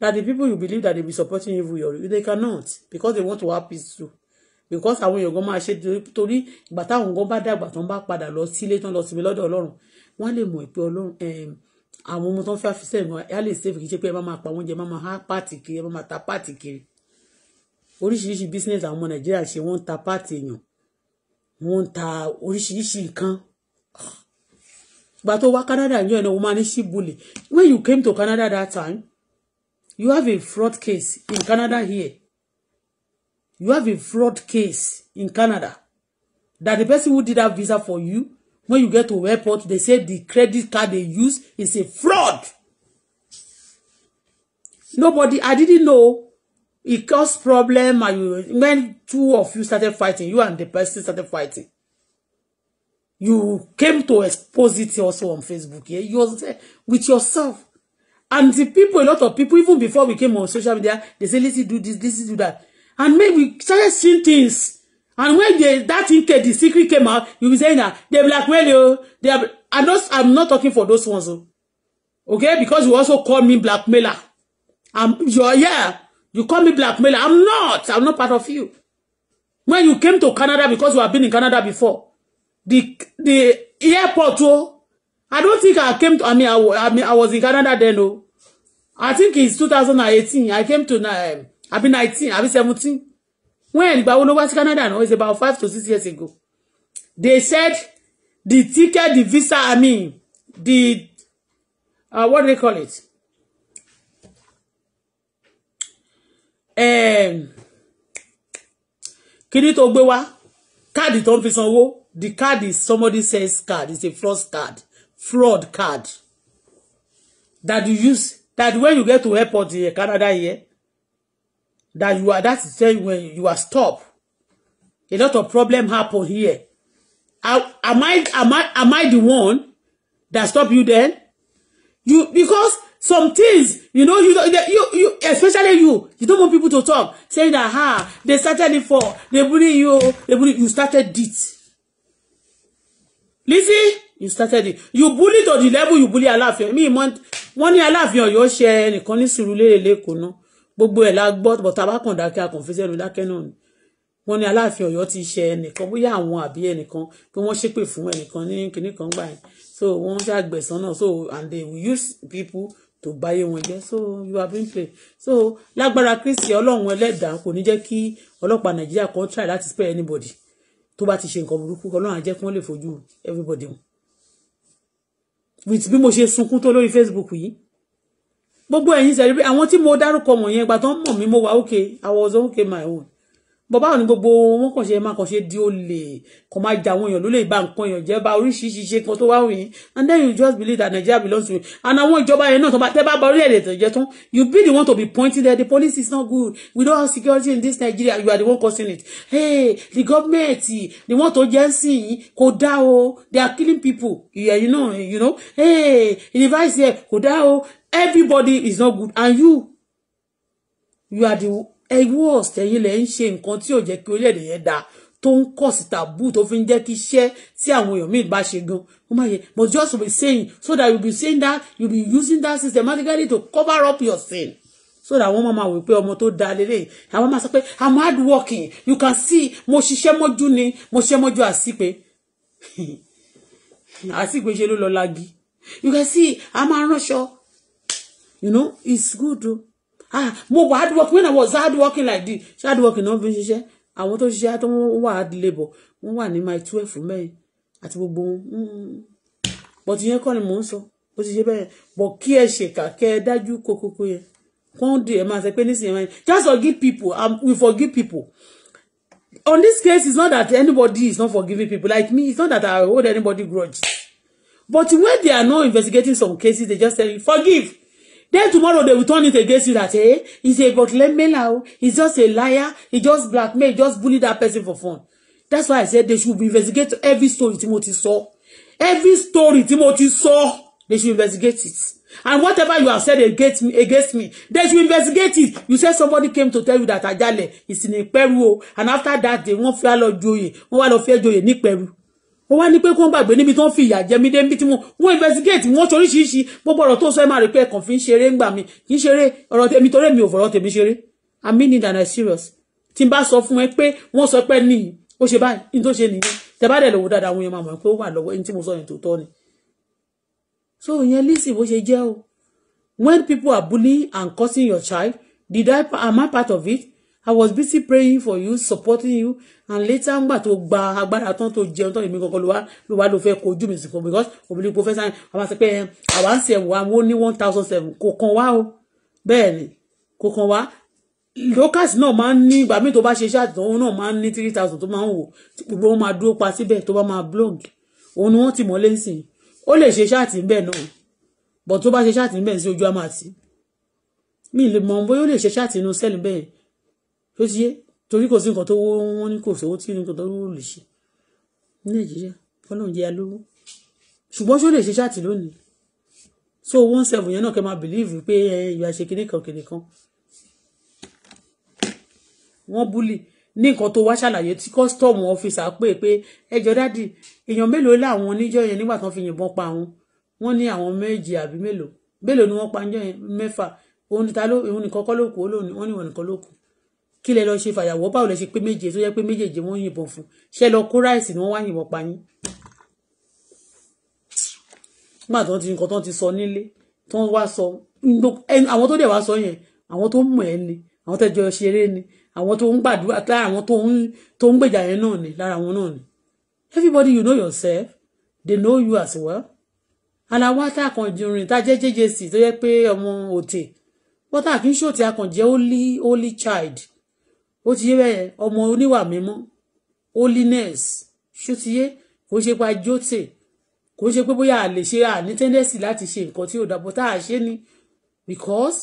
that the people you believe that they be supporting evil you they cannot because they want to have peace too because àwọn èèyàn gan máa ṣe torí ìgbà táwọn gan bá dàgbà tán bá padà lọ sílé tán lọ sinmi lọ́dọ̀ ọlọ́run wọ́n lè mọ̀ pé ọlọ́run àwọn ọmọ tán fẹ́ fi sẹ́yìn wọn á lè save kì í ṣe pé ẹ má máa pa oúnjẹ má máa há páàtì kiri ẹ má máa ta páàtì kiri oríṣiríṣi business àwọn ọmọ nàìjíríà ṣe wọ́n ń ta páàtì èèyàn wọ́n ń ta oríṣiríṣi nǹkan ìgbà tó wá Canada yẹn náà wọ́n máa ní ṣíbùlì when you came to Canada that time You have a fraud case in Canada here. You have a fraud case in Canada that the person who did that visa for you, when you get to airport, they say the credit card they use is a fraud. Nobody, I didn't know it caused problem and when two of you started fighting, you and the person started fighting. You came to expose it also on Facebook. Yeah? You with yourself. And the people, a lot of people, even before we came on social media, they say, let's do this, let's do that. And maybe we started seeing things. And when they, that thing the secret came out, you be saying that they blackmail you. They are, I'm not, I'm not talking for those ones. Oh. Okay? Because you also call me blackmailer. I'm, you're, yeah, you call me blackmailer. I'm not. I'm not part of you. When you came to Canada, because you have been in Canada before, the, the airport, oh, I don't think I came to, I mean, I, I mean, I was in Canada then, oh. I think it's 2018. I came to, um, I've been 19, I've been 17. When Igbawo no wá sí Canada now, it's about five to six years ago. They said the ticket, the visa, I mean, the, uh, what do they call it? Um, kí ni tó gbé wá? Káàdì tó ń fi sanwó. The card is somebody says card. It's a fraud card. Fraud card. That you use that when you get to airport in Canada here, that you are that's when you are stopped. A lot of problem happen here. am I am I am I the one that stop you then? You because some things you know you you you especially you you don't want people to talk saying that ha ah, they started it for they bully you they bully you started it. Lizzie you started it you bully to the level you bully aláàfin mi mọ wọn ní aláàfin Ọ̀yọ́ ṣe ẹnìkan ní Surulere lẹkọọ náà gbogbo ẹ̀ la gbọ́ bọtà bá kàn dákẹ́ àkànfẹsẹ ló dákẹ́ náà ni wọn ní aláàfin Ọ̀yọ́ ti ṣe ẹnìkan bóyá àwọn àbí ẹnìkan pé wọn ṣépè fún ẹnìkan ní kinní kan gbà yẹn so wọn ṣàgbẹ̀sán náà so and they will use people tó báyé wọn jẹ́ so you have been played so lágbára Kristi Ọlọ́run Ẹlẹ́dàá kò ní jẹ́ kí ọlọ́pàá Nàìjíríà kan try láti spare anybody tó bá ti ṣe nǹkan burúkú Ọlọ́run á jẹ́ kí wọ́n lè fojú everybody wọn with bí mo ṣe sunkún tó lórí Facebook yìí gbogbo ẹ̀yin celebrate àwọn tí mo dárúkọ wọ̀nyẹn ìgbà tó ń mọ̀ mí mo wà okay I was okay my own bàbá àwọn ní gbogbo wọn kàn ṣe máa kàn ṣe di olè kàn máa jà àwọn èèyàn ló lè ba nǹkan èèyàn jẹ́ ba oríṣiríṣi ṣe kan tó wá wìn and then you just believe that Nigeria belongs to you and àwọn ìjọba yẹn náà tó bá tẹ́ bá ba èdè tó jẹ́ tán you be the one to be pointing there the police is not good we don't have security in this Nigeria you are the one causing it hey the government the one tó jẹ́ sí yìí kò dá o they are killing people yeah, you know, you know hey university kò dá o everybody is not good and you you are the worst ẹ̀yin lẹ̀ ń ṣe nǹkan tí ò jẹ́ kí orílẹ̀-èdè yẹn dáa tó ń kọ̀ sí tàbú tó fi ń jẹ́ kí iṣẹ́ tí àwọn èèyàn míì bá ṣe gan ó má yẹ but just be saying so that you be saying that you be using that systematically to cover up your sin so that wọ́n máa ma wò pé ọmọ tó da lélẹ̀ àwọn máa sọ pé i'm hard working you can see mo ṣiṣẹ́ mọ́jú ni mo ṣiṣẹ́ mọ́jú àṣìpé àṣìpé ṣe ló lọ lagi you can see a máa ránṣọ you know it's good o ah mo wà hard work when I was hard working like this hard working náà fi ń ṣiṣẹ́ àwọn tó ṣiṣẹ́ tó wọ́n wà hard labour wọ́n wà ní my twelve mẹ́rin àti gbogbo wọn mm-hmm. but ìyẹn kọ́ ni mò ń sọ ó ti ṣe bẹ́ẹ̀ but kí ẹ ṣèkà kẹ ẹ dájú kókókó yẹn kóńdé ẹ máa sọ pé nísìnyẹn máa just forgive people um, we forgive people on this case it's not that anybody is not forgiving people like me it's not that I hold anybody grudge but when they are not investigating some cases they just tell you forgive Then tomorrow they will turn it against you that, eh? He but let me blackmailer, oh. he's just a liar, he just blackmail, just bully that person for fun. That's why I said they should investigate every story Timothy saw. Every story Timothy saw, they should investigate it. And whatever you have said against me, against me, they should investigate it. You said somebody came to tell you that Ajale is in Peru, oh. and after that, they won't fẹ́ lọ joyè, wọ́n wá lọ fẹ́ Peru ó wá ní pé kó ń gbàgbé níbi tó ń fi ìyà jẹ mí dé níbi tí wọ́n investigate wọ́n ṣoríṣiríṣi gbogbo ọ̀rọ̀ tó sọ ẹ máa rí pé ẹkàn fi ń ṣeré ń gbà mí kì í ṣeré ọ̀rọ̀ tèmi torí èmi ò fọ̀rọ̀ tèmi ṣeré I mean it and I serious tí n bá sọ fún ẹ pé wọ́n sọ pé ní ó ṣe báyìí ní tó ṣe nìyẹn tẹ bá dẹ̀ lọ́wọ́ dáadáa wọn yẹn máa mọ̀ pé ó wà lọ́wọ́ ẹni tí mo sọ yẹn tó ni. so ìyẹn lísì bó ṣe jẹ́ o when people are bullying and cursing your child did I am I part of it I was busy praying for you supporting you and later ngbà tó gba agbára tán tó jẹun tán èmi kankan ló wá ló wá ló fẹ́ kojú mi sìnkú because obìnrin professor àwọn àti pé àwa ń ṣe ẹ̀wọ̀n àwọn ó ní one thousand seven kò kàn wá o bẹ́ẹ̀ ni kò locals náà máa ń ní ìgbà míì tó bá ṣe iṣẹ́ àtìtàn òun náà máa ń ní three thousand tó máa ń wò gbogbo wọn máa dúró pa síbẹ̀ tó bá máa blog òun ni wọ́n ti mọ́lé sí i ó lè ṣe iṣẹ́ àtì ń náà but tó bá ṣe iṣẹ́ àtì ń bẹ̀ sí ojú àmàtì mi lè mọ̀ bóyá ó lè ṣe iṣẹ́ àtì inú sẹ́ẹ̀lì bẹ́ẹ̀ ó ti yé torí kò sí nǹkan tó wọ́n ní kò sówó tí nǹkan tó wọ́n lè ṣe ní nàìjíríà fọlọ́run jẹ́ alówó ṣùgbọ́n ṣó lè ṣe ṣáàtì lónìí so one seven yẹn náà kẹ́ máa believe pé ìyá ṣe kinní kan kinní kan wọ́n búlì ní nǹkan tó wá ṣàlàyé tí kọ́sítọ́ọ̀mù ọ́fíìsà pé pé ẹjọ́ dádì èèyàn mélòó láwọn oníjọ́ yẹn nígbà tán fi yìnbọn pa àwọn wọ́n ní àwọn méje àbí mélòó mélòó ni wọ́n pa níjọ́ yẹn mẹ́fà òun nìkan ló kù ó lóun ní wọ́n ní wọ́n nìkan ló kù kí lẹ lọ ṣe fàyàwọ́ báwo lẹ ṣe pé méje tó yẹ pé méjèèjì wọ́n yìnbọn fún ṣe lọ kó ráìsì ni wọ́n wá yìnbọn pa yín. nígbà tó ti nǹkan tó ti sọ nílé tó ń wá sọ àwọn tó dẹ̀ wá sọ yẹn àwọn tó mọ̀ ẹ́ ni àwọn tó jọ ṣeré ni àwọn tó ń gbàdúrà lára àwọn tó ń gbèjà yẹn náà ni lára àwọn náà ni everybody you know yourself they know you as well And wa tá a kàn jìnrìn tá a jẹ́ jẹ́jẹ́ sí tó yẹ pé ọmọ òtè wọ́n tá a kì í ṣòtì a only only child ó ti yé bẹ́ẹ̀ ọmọ oníwà mímọ́ holiness ṣó ti yé kò ṣe pa jótè kò ṣe pé bóyá a lè ṣe à ní tẹ́ndẹ́sì láti ṣe nǹkan tí ò dà bọ́ tá a ṣe ni because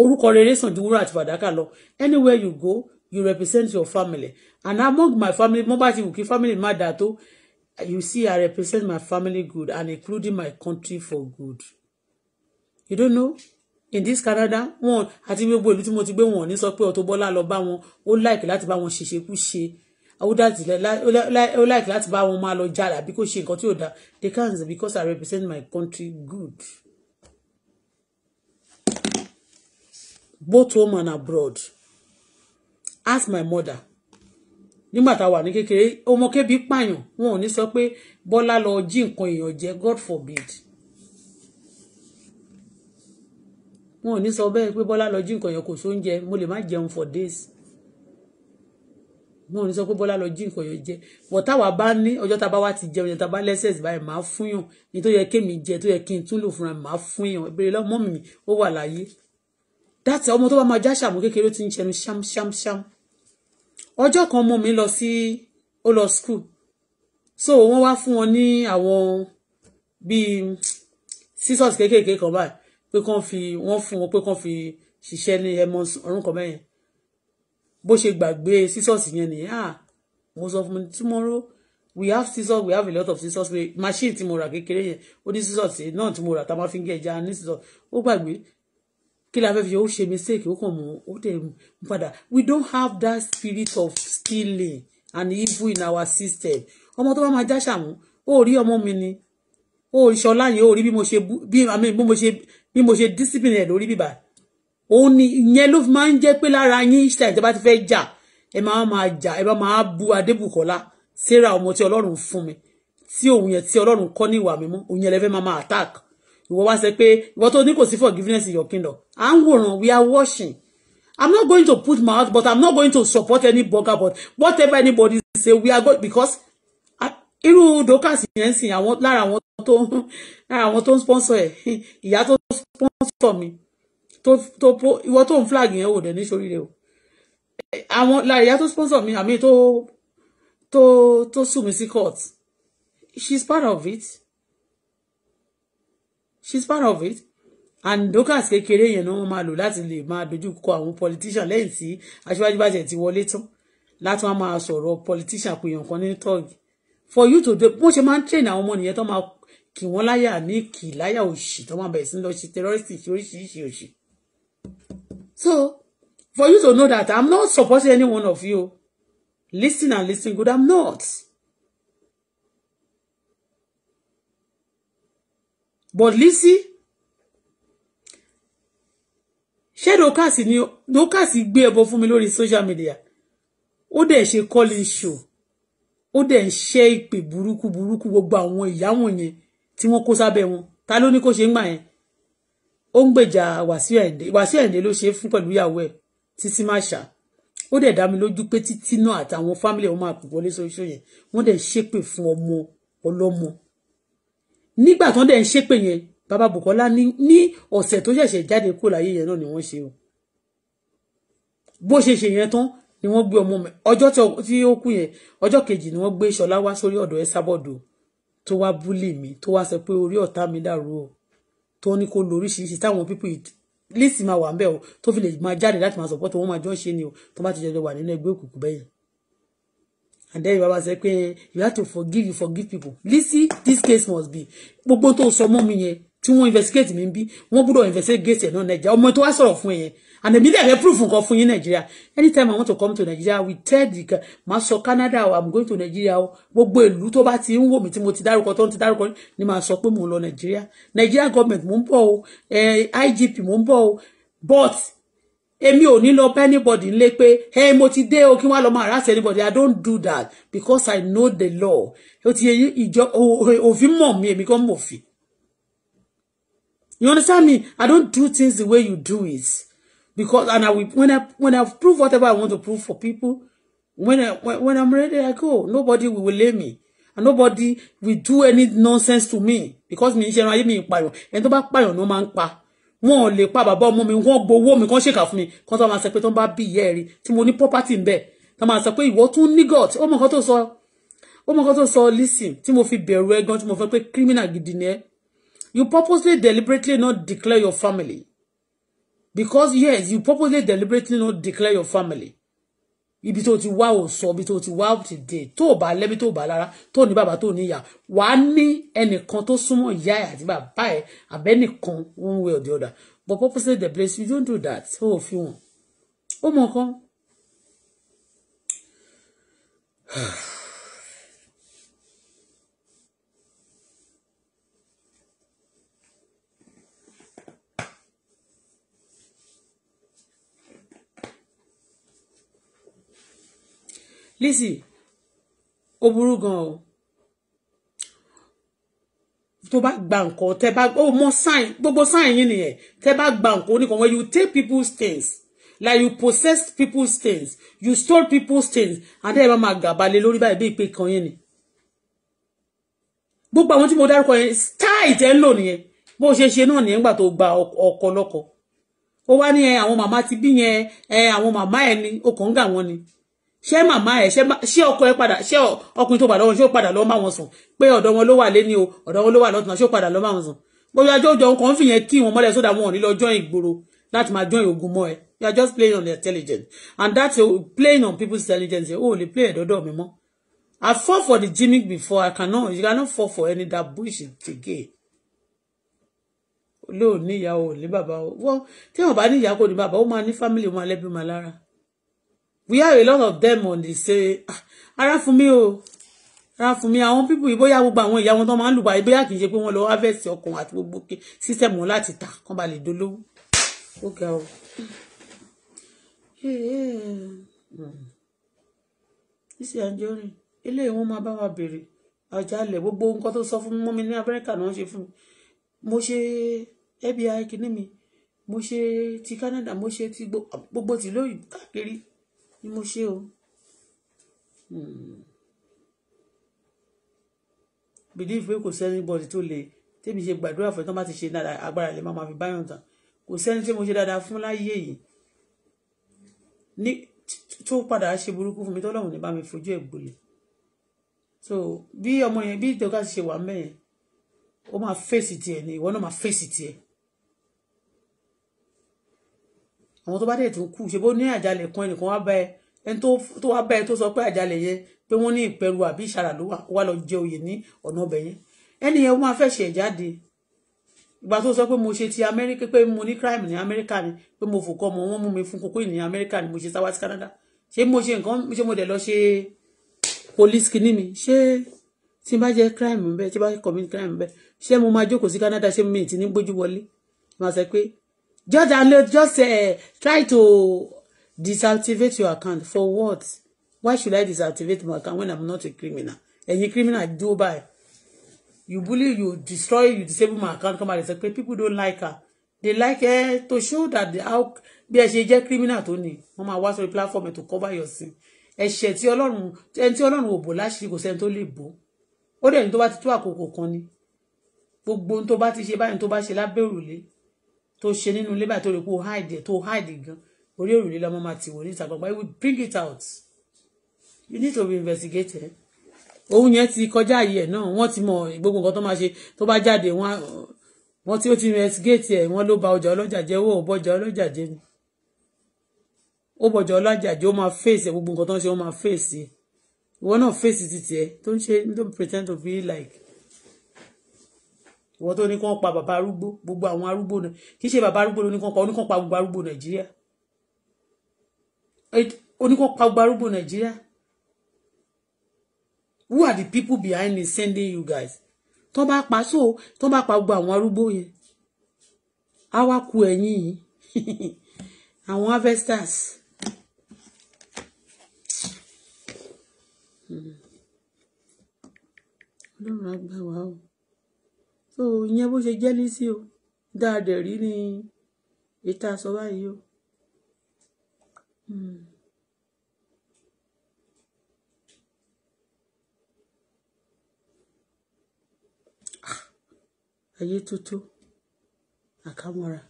orúkọ rere sàn ju wúrà àti fàdákà lọ anywhere you go you represent your family and among my family mo bá ti wù kí family má dáa tó you see i represent my family good and including my country for good you don't know in this Canada wọn àti gbogbo ìlú tí mo ti gbé wọn ní sọ pé Auto Bola lọ bá wọn ó láìkì láti bá wọn ṣèṣekú ṣe ó láìkì láti bá wọn máa lọ jà àbí kó ṣe nǹkan tí ò dáa they can't because I represent my country good both home and abroad ask my mother nígbà tá a wà ní kékeré ọmọ kébi pààyàn wọn ò ní sọ pé Bọ́lá lọ jí nǹkan èèyàn jẹ God forbid. wọn ò ní sọ bẹ́ẹ̀ pé bọ́lá lọ jí nǹkan yẹn kò sóúnjẹ mo lè má jẹun for days wọn ò ní sọ pé bọ́lá lọ jí nǹkan yẹn jẹ but táwa bá ní ọjọ́ tá a bá wá ti jẹun yẹn lẹ́sẹ̀ sí màá fún yàn ní tó yẹ kémi jẹ tó yẹ kí n tún lò fúnra mi màá fún yàn ìbéèrè lọ́mọ mi ó wà láyé dáàtì ọmọ tó bá máa já ṣàmú kékeré ti ń ṣẹnu ṣámṣámṣám ọjọ́ kan ọmọ mi lọ sí ó lọ school so wọ́n wá fún wọn ní àwọn bíi scissors kéékèèké kan báyìí pé kàn fi wọ́n fún wọn pé kàn fi ṣiṣẹ́ ní ẹmọ ọ̀run kan bẹ́yẹn bó ṣe gbàgbé scissors yẹn ni ah mo sọ fún mi tomorrow we have scissors we have a lot of scissors we machine tí mo rà kékeré yẹn ó ní scissors náà tí mo rà tá fi ń gé ẹja ní scissors ó gbàgbé kí la fẹ́ fi ó ṣe mistake ó kàn mú ó tẹ̀ mú padà we don't have that spirit of stealing and evil in our system ọmọ tó bá máa já ṣàmú ó rí ọmọ mi ni ó rí ṣọlá yẹn ó rí bí mo ṣe bí mo ṣe bí mo ṣe discipline ẹ̀ lórí bíbá òun ni ìyẹn ló máa ń jẹ́ pé lára yín ṣáà ìjọba ti fẹ́ jà ẹ máa máa jà ẹ bá máa bu adébùkọ́lá sarah ọmọ tí ọlọ́run fún mi tí òun yẹn tí ọlọ́run kọ́ ní ìwà mímọ́ òun yẹn lẹ́fẹ́ máa máa attack ìwọ wá sẹ pé ìwọ tó ní kò sí forgiveness in your kingdom à ń wòran we are washing i'm not going to put my mouth but i'm not going to support any blogger but whatever anybody say we are going because irú dókàsì yẹn sìn àwọn lára àwọn tó lára àwọn tó ń sponsor ẹ ìyá tó sponsor mi tó tó ìwọ tó ń flag yẹn ò dẹ̀ ní sórí rẹ o àwọn lára ìyá tó sponsor mi àmì tó tó tó sùn mí sí court she's part of it she's part of it and dókàs kékeré yẹn ni wọ́n máa lò láti lè máa dojú kọ àwọn politician lẹ́yìn tí aṣíwájú bá jẹ ti wọlé tán látún á máa sọ̀rọ̀ politician pèèyàn kan ní tọọgì for you to do bó ṣe máa ń train àwọn ọmọ nìyẹn tó máa kì wọ́n láyà ní kì láyà òṣì tó máa bẹ̀rẹ̀ sí lọ ṣe terrorist ṣe oríṣiríṣi òṣì so for you to know that i'm not supporting any one of you listen and listen good i'm not but listen ṣé dókàsì ni dókàsì gbé ẹbọ fún mi lórí social media ó dẹ̀ ṣe calling show ó dẹ̀ ń ṣe ìpè burúkú burúkú gbogbo àwọn ìyá wọ̀nyẹn tí wọ́n kó sábẹ́ wọn ta ló ní kó ṣe ń gbà yẹn ó ń gbèjà Wàsíù Àyìndé Wàsíù Àyìndé ló ṣe fún pẹ̀lú ìyàwó ẹ̀ Títí Marshal ó dẹ̀ dá mi lójú pé Títí náà àtàwọn fámìlì wọn máa pè yẹn wọ́n dẹ̀ ń ṣépè fún ọmọ ọlọ́mọ nígbà tán dẹ̀ ń ṣépè yẹn bàbá Bùkọ́lá ní ní ọ̀sẹ̀ tó ṣẹ̀ṣẹ̀ jáde kúrò láyé yẹn náà ni wọ́n ṣe o bó ṣe ṣe yẹn tán ni wọ́n gbé ọmọ mi ọjọ́ tí ó kú yẹn ọjọ́ kejì ni wọ́n gbé Ṣọlá wá sórí ọ̀dọ̀ ẹ sábọ̀dọ̀ tó wá búlì mi tó wá sọ pé orí ọ̀tá mi dàrú o tó ní kó lo oríṣiríṣi táwọn pípù lísì máa wà ń bẹ̀ o tó fi lè máa jáde láti máa sọ̀pọ̀ tó wọ́n máa jọ ṣe ni o tó bá ti jọjọ wà nínú ẹgbẹ́ òkùnkùn bẹ́yìn and then baba sọ pé you have to forgive you forgive people lisi this case must be gbogbo tó sọ mọ́ mi yẹn tí wọ́n investigate mi ń bí wọ́n gbọ́dọ̀ investigate ẹ̀ náà nàìjà ọmọ tó wá sọ̀rọ̀ fún ẹ yẹn and the media fẹ́ proof nǹkan in Nigeria. nàìjíríà anytime i want to come to nigeria we tell the máa sọ canada or i'm going to nigeria o gbogbo ìlú tó bá ti ń wò mí tí mo ti dárúkọ tó ń ti dárúkọ ni máa sọ pé mò ń nigeria nigeria government mò ń bọ̀ o eh, igp mò ń o but èmi ò ní lọ anybody ń lé pé ẹ mo ti dé o kí wọn lọ máa harass anybody i don't do that because i know the law ó ti yẹ ìjọ òfin mọ̀ mí èmi kan mọ̀ fi you understand me i don't do things the way you do it because and I will when I when I prove whatever I want to prove for people, when I when, when I'm ready, I go. Nobody will, will lay me. And nobody will do any nonsense to me because me ṣe ran ayé mi ìpààyàn ẹni tó bá pààyàn ló pa One le pa bàbá ọmọ mi wọn gbowó mi kán ṣèkà fún me. kán tó máa sọ pé tó ń bá bí ìyá ẹ rí tí mo ní property ń bẹ tó máa sọ pé ìwọ tún ní god ó listen tí mo fi bẹ̀rù ẹ gan mo fẹ́ criminal gidi you purposely deliberately not declare your family because yes you purposely deliberately not declare your family ibi tó ti wá ò sọ ibi tó ti wá ò ti dé to ba bá lẹ́bí To ò bá to ni ní bàbá ni ní ìyá wà á ní ẹnìkan tó súnmọ́ ìyá ẹ̀ àti bàbá one way or the other but purposely the place you don't do that ó ò fi wọn ó mọ nǹkan. Lizzy ó burú gan o tó bá gba nǹkan tẹ bá ó mọ sign gbogbo sign yín nìyẹn tẹ bá gba nǹkan oníkan when you take people's things like you possess people's things you stole people's things and then ẹ máa gàbalẹ̀ lórí báyìí bí ìpè kan yín ni gbogbo àwọn tí mo dárúkọ yẹn style tẹ ń lò nìyẹn bó ṣe ṣe náà nìyẹn nígbà tó gba ọkọ lọ́kọ ó wá ní àwọn màmá ti bí yẹn àwọn màmá ẹ ni ó kàn ń gà ni ṣé màmá ẹ ṣé ọkọ ẹ padà ṣé ọkùnrin tó padà wọn ṣé ó padà lọ máa wọn sùn pé ọ̀dọ̀ wọn ló wà lé ní o ọ̀dọ̀ wọn ló wà lọ́tùnà ṣé ó padà lọ máa wọn sùn bóyá ọjọ́ òjò nǹkan fìyẹn kí wọn mọ́lẹ̀ sódà wọn ò ní lọ join ìgboro láti máa join ogun mọ́ ẹ you are just playing on their intelligence and that's uh, playing on people's intelligence o ò lè play ẹ̀dọ́dọ̀ mi mọ́ I fought for the gimmick before I cannot you cannot fall for any that bullshit again olóò níyàwó ní bàbá wọ́n tí wọ́n bá níyàwó ní bàbá ó máa ní fámìlì wọn alẹ́bí wọn lára we have a lot of them on the say ah, ara fún mi o ara fún mi àwọn people. ìbóyá gbogbo àwọn ìyá wọn tó máa ń lùbà ìbóyá kì í ṣe pé wọn lọ harvest ọkàn àti gbogbo system wọn láti tà kán ba lè dolówó ó ga o. ìsì àjọrin eléyìí wọn máa bá wa bèrè àjálẹ gbogbo nǹkan tó sọ fún mọ́ mi ní Amẹ́ríkà náà ṣe fún mi mo ṣe FBI kìíní mi mo ṣe ti Canada mo ṣe ti gbogbo tìlóyìn káàkiri ni mo ṣe o. Hmm. believe pé kò sí anybody tó lè tèmi ṣe gbàdúrà fún ẹ tó bá ti ṣe dáadáa agbára lè má máa fi báyọ̀ tán kò sẹ́ni tí mo ṣe dáadáa fún láyé yìí ní tó padà ṣe burúkú fún mi tọ́lọ́run ní bá mi fojú ẹ̀ gbolẹ̀ so bí ọmọ yẹn bí ìtọ́ka ṣe wà mẹ́yẹn ó máa fèsì tiẹ̀ ni ìwọ náà máa fèsì tiẹ̀ àwọn tó bá dẹ̀ tún kú ṣe bó ní àjálẹ̀ kan ẹnìkan wá bá ẹ ẹni tó wá bá ẹ tó sọ pé àjálẹ̀ yẹn pé wọ́n ní ìpẹ̀rù àbí ìṣàrà ló wà lọ jẹ oyè ní ọ̀nà ọbẹ̀ yẹn ẹni yẹn wọ́n máa fẹ́ ṣẹ̀ jáde ìgbà tó sọ pé mo ṣe ti amẹ́ríkà pé mo ní crime ní amẹ́ríkà ni pé mo fò kọ́ ọmọ wọn mú mi fún kókó ní amẹ́ríkà ni mo ṣe sáwá sí Canada ṣé mo ṣe nǹkan ṣé mo dẹ̀ lọ ṣe police kìíní mi ṣé tí bá jẹ́ crime bẹ́ẹ̀ tí bá commit crime bẹ́ẹ̀ ṣé mo máa jókòó sí Canada ṣé mi ti ní gbójú wọlé màá sọ pé just download just uh, try to deactivate your account for what why should I deactivate my account when I'm not a criminal ẹ̀yin criminal dúró báyìí you bully you destroy you disable my account come out and say people don't like her they like her to show that the how be a ṣe criminal tó Mama wọ́n the platform ẹ̀ to cover your sin ẹ̀ṣẹ̀ tí ọlọ́run ẹni tí ọlọ́run ò bò láṣìírí kò sẹ́ni tó lè bò ó dẹ̀ ní tó bá ti tó àkókò kan ni gbogbo ohun tó bá ti ṣe báyìí tó bá ṣe tó ṣe nínú ilé báyìí tó rí pé ó hide tó hide gan orí òrùlé lọ́mọ máa ti wò níta gbọ̀ngbọ̀n I will bring it out you need to be investigated òun yẹn ti kọjá àyè náà wọ́n ti mọ gbogbo nǹkan tó máa ṣe tó bá jáde wọ́n tí ó ti investigate ẹ̀ wọ́n ló ba ọjà ọlọ́jà jẹ́ ó bọ́jà ọlọ́jà jẹ́ ni ó bọ̀jọ̀ ọlọ́jà jẹ́ ó máa fèsì ẹ̀ gbogbo nǹkan tó ń ṣe ó máa fèsì ìwọ náà fèsì ti tiẹ̀ tó ń ṣe don't pretend to be like ìwọ tó ní kí pa bàbá arúgbó gbogbo àwọn arúgbó náà kì ṣe bàbá arúgbó ló ní kàn pa oníkàn pa gbogbo arúgbó nàìjíríà oníkàn pa gbogbo arúgbó nàìjíríà who are the people behind me sending you guys tó bá pa so tó bá pa gbogbo àwọn arúgbó yẹn á wá yìí àwọn harvesters. Hmm. ọlọ́run á gbà o so ìyẹn bó ṣe jẹ́ lísì o dáadẹ̀ rí ni ètò àsọ báyìí o. Hmm. Ah, ayé tuntun àkàmọ́ra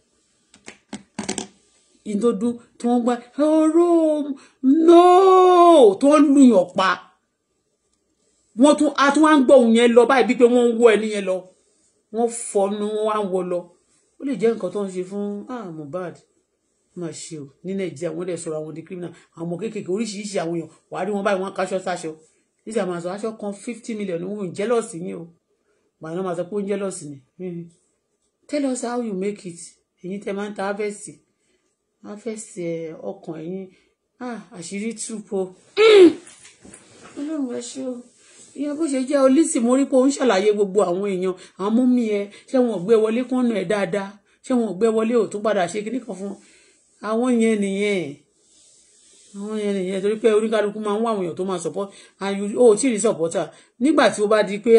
ìdodo tí wọ́n gbá ọ̀rọ̀ nóò tó ń lùyàn pa wọ́n tún a tún wá ń gbọ́ òun yẹn lọ báyìí bí pé wọ́n ń wọ́ ẹni yẹn lọ wọ́n fọnú wọ́n wá wọ lọ ó lè jẹ́ nǹkan tó ń ṣe fún ah Mohbad má ṣe o ní Nàìjíríà wọ́n dẹ̀ sọ̀rọ̀ àwọn di criminal àwọn ọmọ kéékèèké oríṣiríṣi àwọn èèyàn wàá rí wọn báyìí wọ́n kaṣọ sáṣọ níṣẹ àwọn àṣọ aṣọ kan fifty million ni wọ́n ń jẹlọsì yín o màá náà máa sọ pé ó ń jẹlọsì ni tell us how you make it èyí tẹ máa ń ta harvest harvest ọkàn ẹ̀yin ah, àṣírí túpo Ọlọ́run ẹ ṣé o ìyẹn bó ṣe jẹ́ olísì mo rí pé ó ń ṣàlàyé gbogbo àwọn èèyàn àwọn mú mi ẹ ṣé wọn ò gbé wọlé kán nù ẹ dáadáa ṣé wọn ò gbé wọlé ò tún padà ṣe kíní kan fún àwọn yẹn nìyẹn àwọn yẹn nìyẹn torí pé oníkálukú máa ń wá àwọn èèyàn tó máa support and you ò tí ì rí supporter nígbà tí ó bá di pé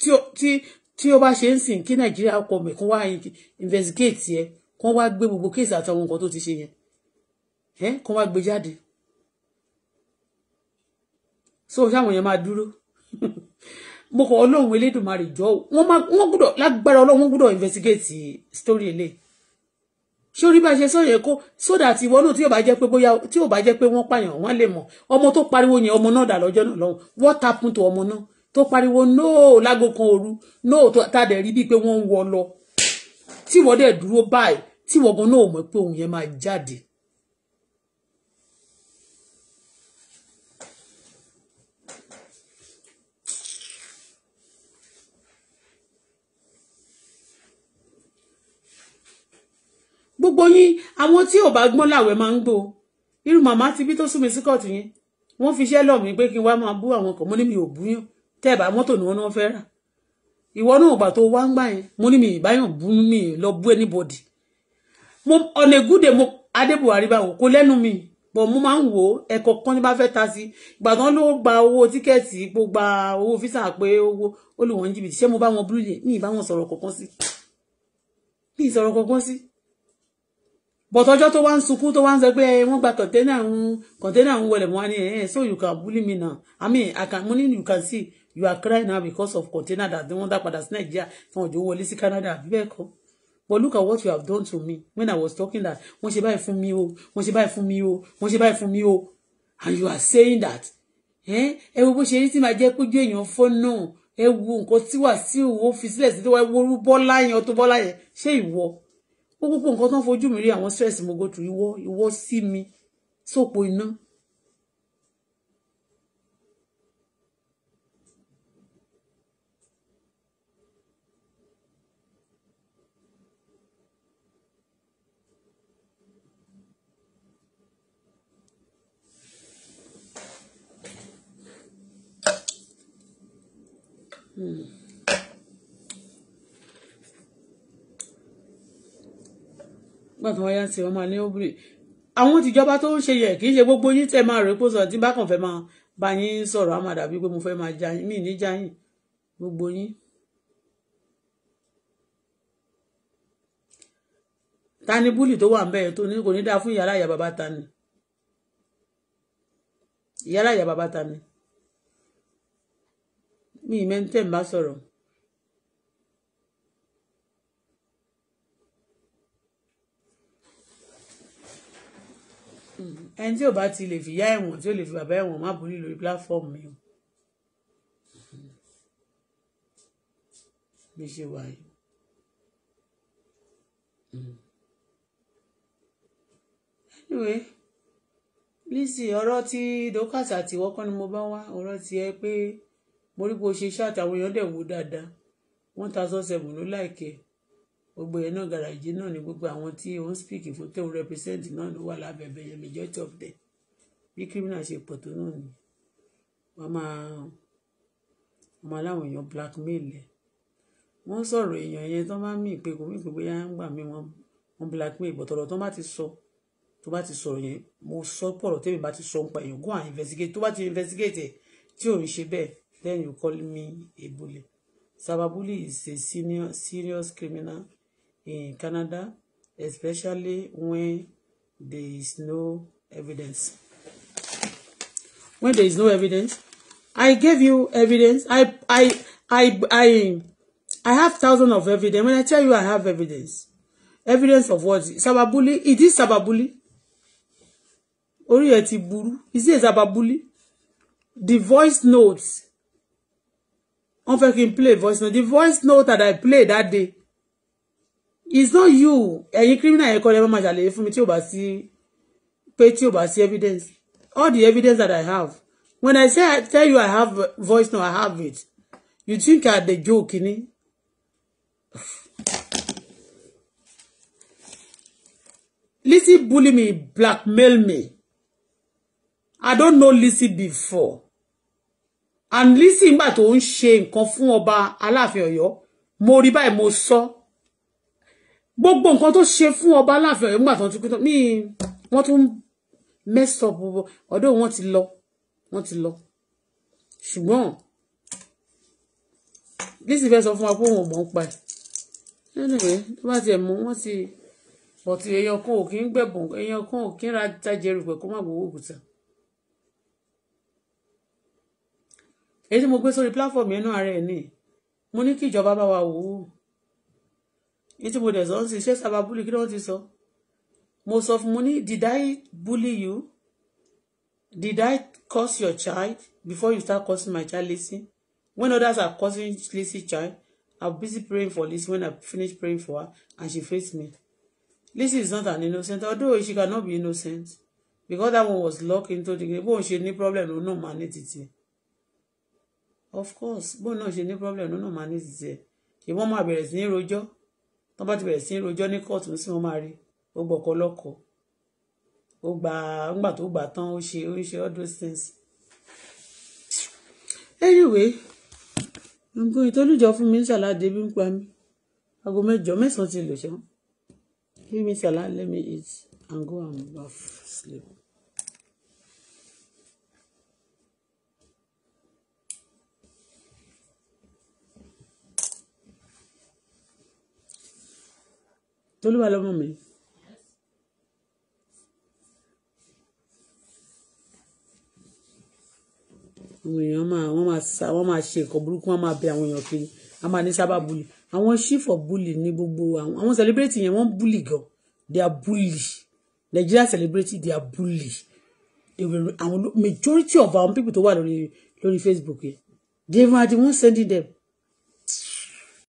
tí tí ó bá ṣe ń sìn kí nàìjíríà kọ mẹ̀kún wá investigate yẹ kán wá gbé gbogbo kéèsì àtàwọn nǹkan tó ti ṣe yẹn ẹ wá gbé jáde so ṣáwọn yẹn máa dúró mo kọ ọlọ́run elédùnmarè jọ wọ́n máa wọ́n gbọ́dọ̀ lágbára ọlọ́run wọ́n gbọ́dọ̀ investigate story ilé ṣé orí bá ṣe sọ yẹ kó so that ìwọ náà tí ò bá jẹ́ pé bóyá tí ò bá jẹ́ pé wọ́n pààyàn wọ́n lè mọ̀ ọmọ tó pariwo yẹn ọmọ náà dà lọ́jọ́ náà lọ́hùn what happened to ọmọ náà tó pariwo nóò lágo kan òru nóò tá dẹ̀ rí bíi pé wọ́n ń wọ lọ tí ìwọ dẹ̀ dúró báyìí tí ìwọ gan náà mọ̀ pé òun yẹn máa jáde gbogbo yín àwọn tí ò bá gbọ́n làwẹ̀ máa ń gbò irú màmá ti bí tó sún mi sí kọ́ọ̀tù yẹn wọ́n fi iṣẹ́ lọ̀ mí pé kí n wá máa bú àwọn kan mo ní mi ò búyàn tẹ́ ẹ̀ bá mọ́tò ni wọ́n náà fẹ́ rà ìwọ náà gbà tó wá ń gbà yẹn mo ní mi ìbáyàn bú mi lọ bú anybody mo on a good day mo adébuhari báwo kò lẹ́nu mi bọ̀ mo máa ń wò ó ẹ̀kọ́ kan ní bá fẹ́ ta sí ìgbà tán ló gba owó tíkẹ́ẹ̀tì ipò gba owó físà pé owó olùwọ̀n jìbìtì ṣé mo bá wọn búlùlẹ̀ ní ìbá sọ̀rọ̀ kọ̀ọ̀kan sí ní ìsọ̀rọ̀ kọ̀ọ̀kan sí but ọjọ́ tó wá ń sunkún tó wá ń sọ pé eh, wọ́n gba kọ̀ńténà ń kọ̀ńténà ń wọlé wọn ni ẹ̀ so you can bully me now i mean i can money you can see you are crying now because of container that wọ́n dá padà sí nàìjíríà tí wọ́n jò wọlé sí canada àbí bẹ́ẹ̀ kọ́ but look at what you have done to me when i was talking that wọ́n ṣe báyìí fún mi o wọ́n ṣe báyìí fún mi o wọ́n ṣe báyìí fún mi o and you are saying that eh? ẹ wo bó ṣe rí tí màá jẹ́ kójú èèyàn fún náà ẹ wo nǹkan tí wàá sí òwò fi sílẹ̀ sí tó wá wọ́rú bọ́lá yẹn tó bọ́lá yẹn ṣé ìwọ gbogbo nǹkan tó ń fojú mi rí àwọn stress mo go through ìwọ ìwọ sí mi sópo iná nígbà tó wọ́n yá sí wọ́n máa ní óbìrì àwọn tìjọba tó ń ṣe yẹ kì í ṣe gbogbo yín tẹ́ máa rè pò sọ tí bá kàn fẹ́ máa bá yín sọ̀rọ̀ á dàbí pé mo fẹ́ máa já yín mí ní já yín gbogbo yín. ta ni búlì tó wà ń bẹ́ẹ̀ tó ní kò ní dáa fún ìyá aláya bàbá ta ni ìyá aláya bàbá ta ni mi ì mẹ́ńtẹ́ ń bá sọ̀rọ̀. ẹni tí ò bá ti lè fi yá ẹ̀wọ̀n tí ò lè fi bàbá ẹ̀wọ̀n má borí lórí platform mi o bí ṣe wà yìí. anyway Lizzy ọ̀rọ̀ tí dókàtà àti ìwọ́kọ́ ni mo bá wá ọ̀rọ̀ ti ẹ pé mo rí bó ṣe ṣáàtì àwọn èèyàn dẹ̀ wò dáadáa one thousand seven ló láìkẹ́ gbogbo yẹn náà gàràjì náà ni gbogbo àwọn tí ó ń speak fún tó ń represent náà ló wà lábẹ́bẹ́ yẹn majority of them bí criminal ṣe pọ̀ tó náà ni wọ́n máa wọ́n máa láwọn èèyàn blackmail ẹ̀ wọ́n sọ̀rọ̀ èèyàn yẹn tó máa ń mí ìpè kò mí ìpè bóyá ń gbà mí wọ́n wọ́n blackmail bọ̀ tọ̀rọ̀ tó bá ti sọ tó bá ti sọ̀rọ̀ yẹn mo sọ pọ̀rọ̀ tẹ́mi bá ti sọ nípa èèyàn go and investigate tó bá ti investigate ẹ̀ tí ò ń ṣe bẹ́ẹ̀ then you call me a bully. Sababuli is a senior serious criminal in Canada, especially when there is no evidence. When there is no evidence, I gave you evidence. I I I I I have thousands of evidence. When I tell you I have evidence, evidence of what? Sababuli? Is It Sababuli. Orí ti burú. Is it Sababuli? The voice notes. Wọ́n fẹ́ kí n play voice note. The voice note that I play that day it's not you ẹ̀yin criminal yẹn kọ́ lẹ́ máa ṣàlàyé fún mi tí ò bá sí pé tí ò bá sí evidence all the evidence that I have when I say I tell you I have voice now I have it you think I dey joke ni. Lizzy bully me blackmail me I don't know Lizzy before and Lizzy ngbà tó ń ṣe nǹkan fún ọba Aláàfin Ọ̀yọ́ mo rí báyìí mo sọ. So gbogbo nǹkan tó ṣe fún ọba aláàfin Ọ̀yọ́ nígbà tó ń tukú ní wọ́n tún mess up ọ̀dọ̀ wọn ti lọ wọ́n ti lọ ṣùgbọ́n Lizzy fẹ́ sọ fún wa pé òun ò mọ̀ ń pa ẹ̀ anyway tó bá tiẹ̀ mú wọ́n ti bọ̀tì èèyàn kan ò kí ń gbẹ̀bùn èèyàn kan ò kí ń ra jájẹ rúpẹ̀ kó má gbowó òkúta. èyí tí mo gbé sórí pláfọ̀mù yẹn náà ara ẹ̀ ní mo ní kí ìjọba bá wa wò ó yìí tí mo dẹ̀ sọ ń ṣiṣẹ́ sábà búlì kí ni wọ́n ti sọ mo sọ fún mo ní did I bully you did I curse your child before you start cursing my child Lizzy when others are cursing Lizzy child I'm busy praying for Lizzy when I finish praying for her and she faced me Lizzy is not an innocent although she cannot be innocent because that one was locked into the grave bóun ṣe ní problem ló náà máa ní títí of course bóun náà ṣe ní problem ló náà máa ní títí ẹ ìwọ́n máa bẹ̀rẹ̀ sí ní rojọ́ tó bá ti bẹ̀rẹ̀ sí rojọ́ ní kóòtù sí wọn máa rí ó gbọ́kọ lọ́kọ ó gbà ńgbà tó gbà tán ó ṣe ó ń ṣe all those things. anyway nǹkan ìtọ́lùjọ fún mi ń ṣàlàdé bí ń pa mí aago mẹ́jọ mẹ́sàn-án ti lò ṣán give me salad let me eat and go and baff sleep. tolúwa lọ́mọ mi. àwọn èèyàn máa wọ́n máa sa wọ́n máa ṣe nǹkan burúkú wọ́n máa bẹ àwọn èèyàn kiri wọ́n máa ní sábà bully àwọn chief of bully ní gbogbo àwọn àwọn celebrity yẹn wọ́n bully gan they are bully Nigeria celebrity they are bully àwọn majority of our people tó wà lórí lórí Facebook yẹn they were the ones sending them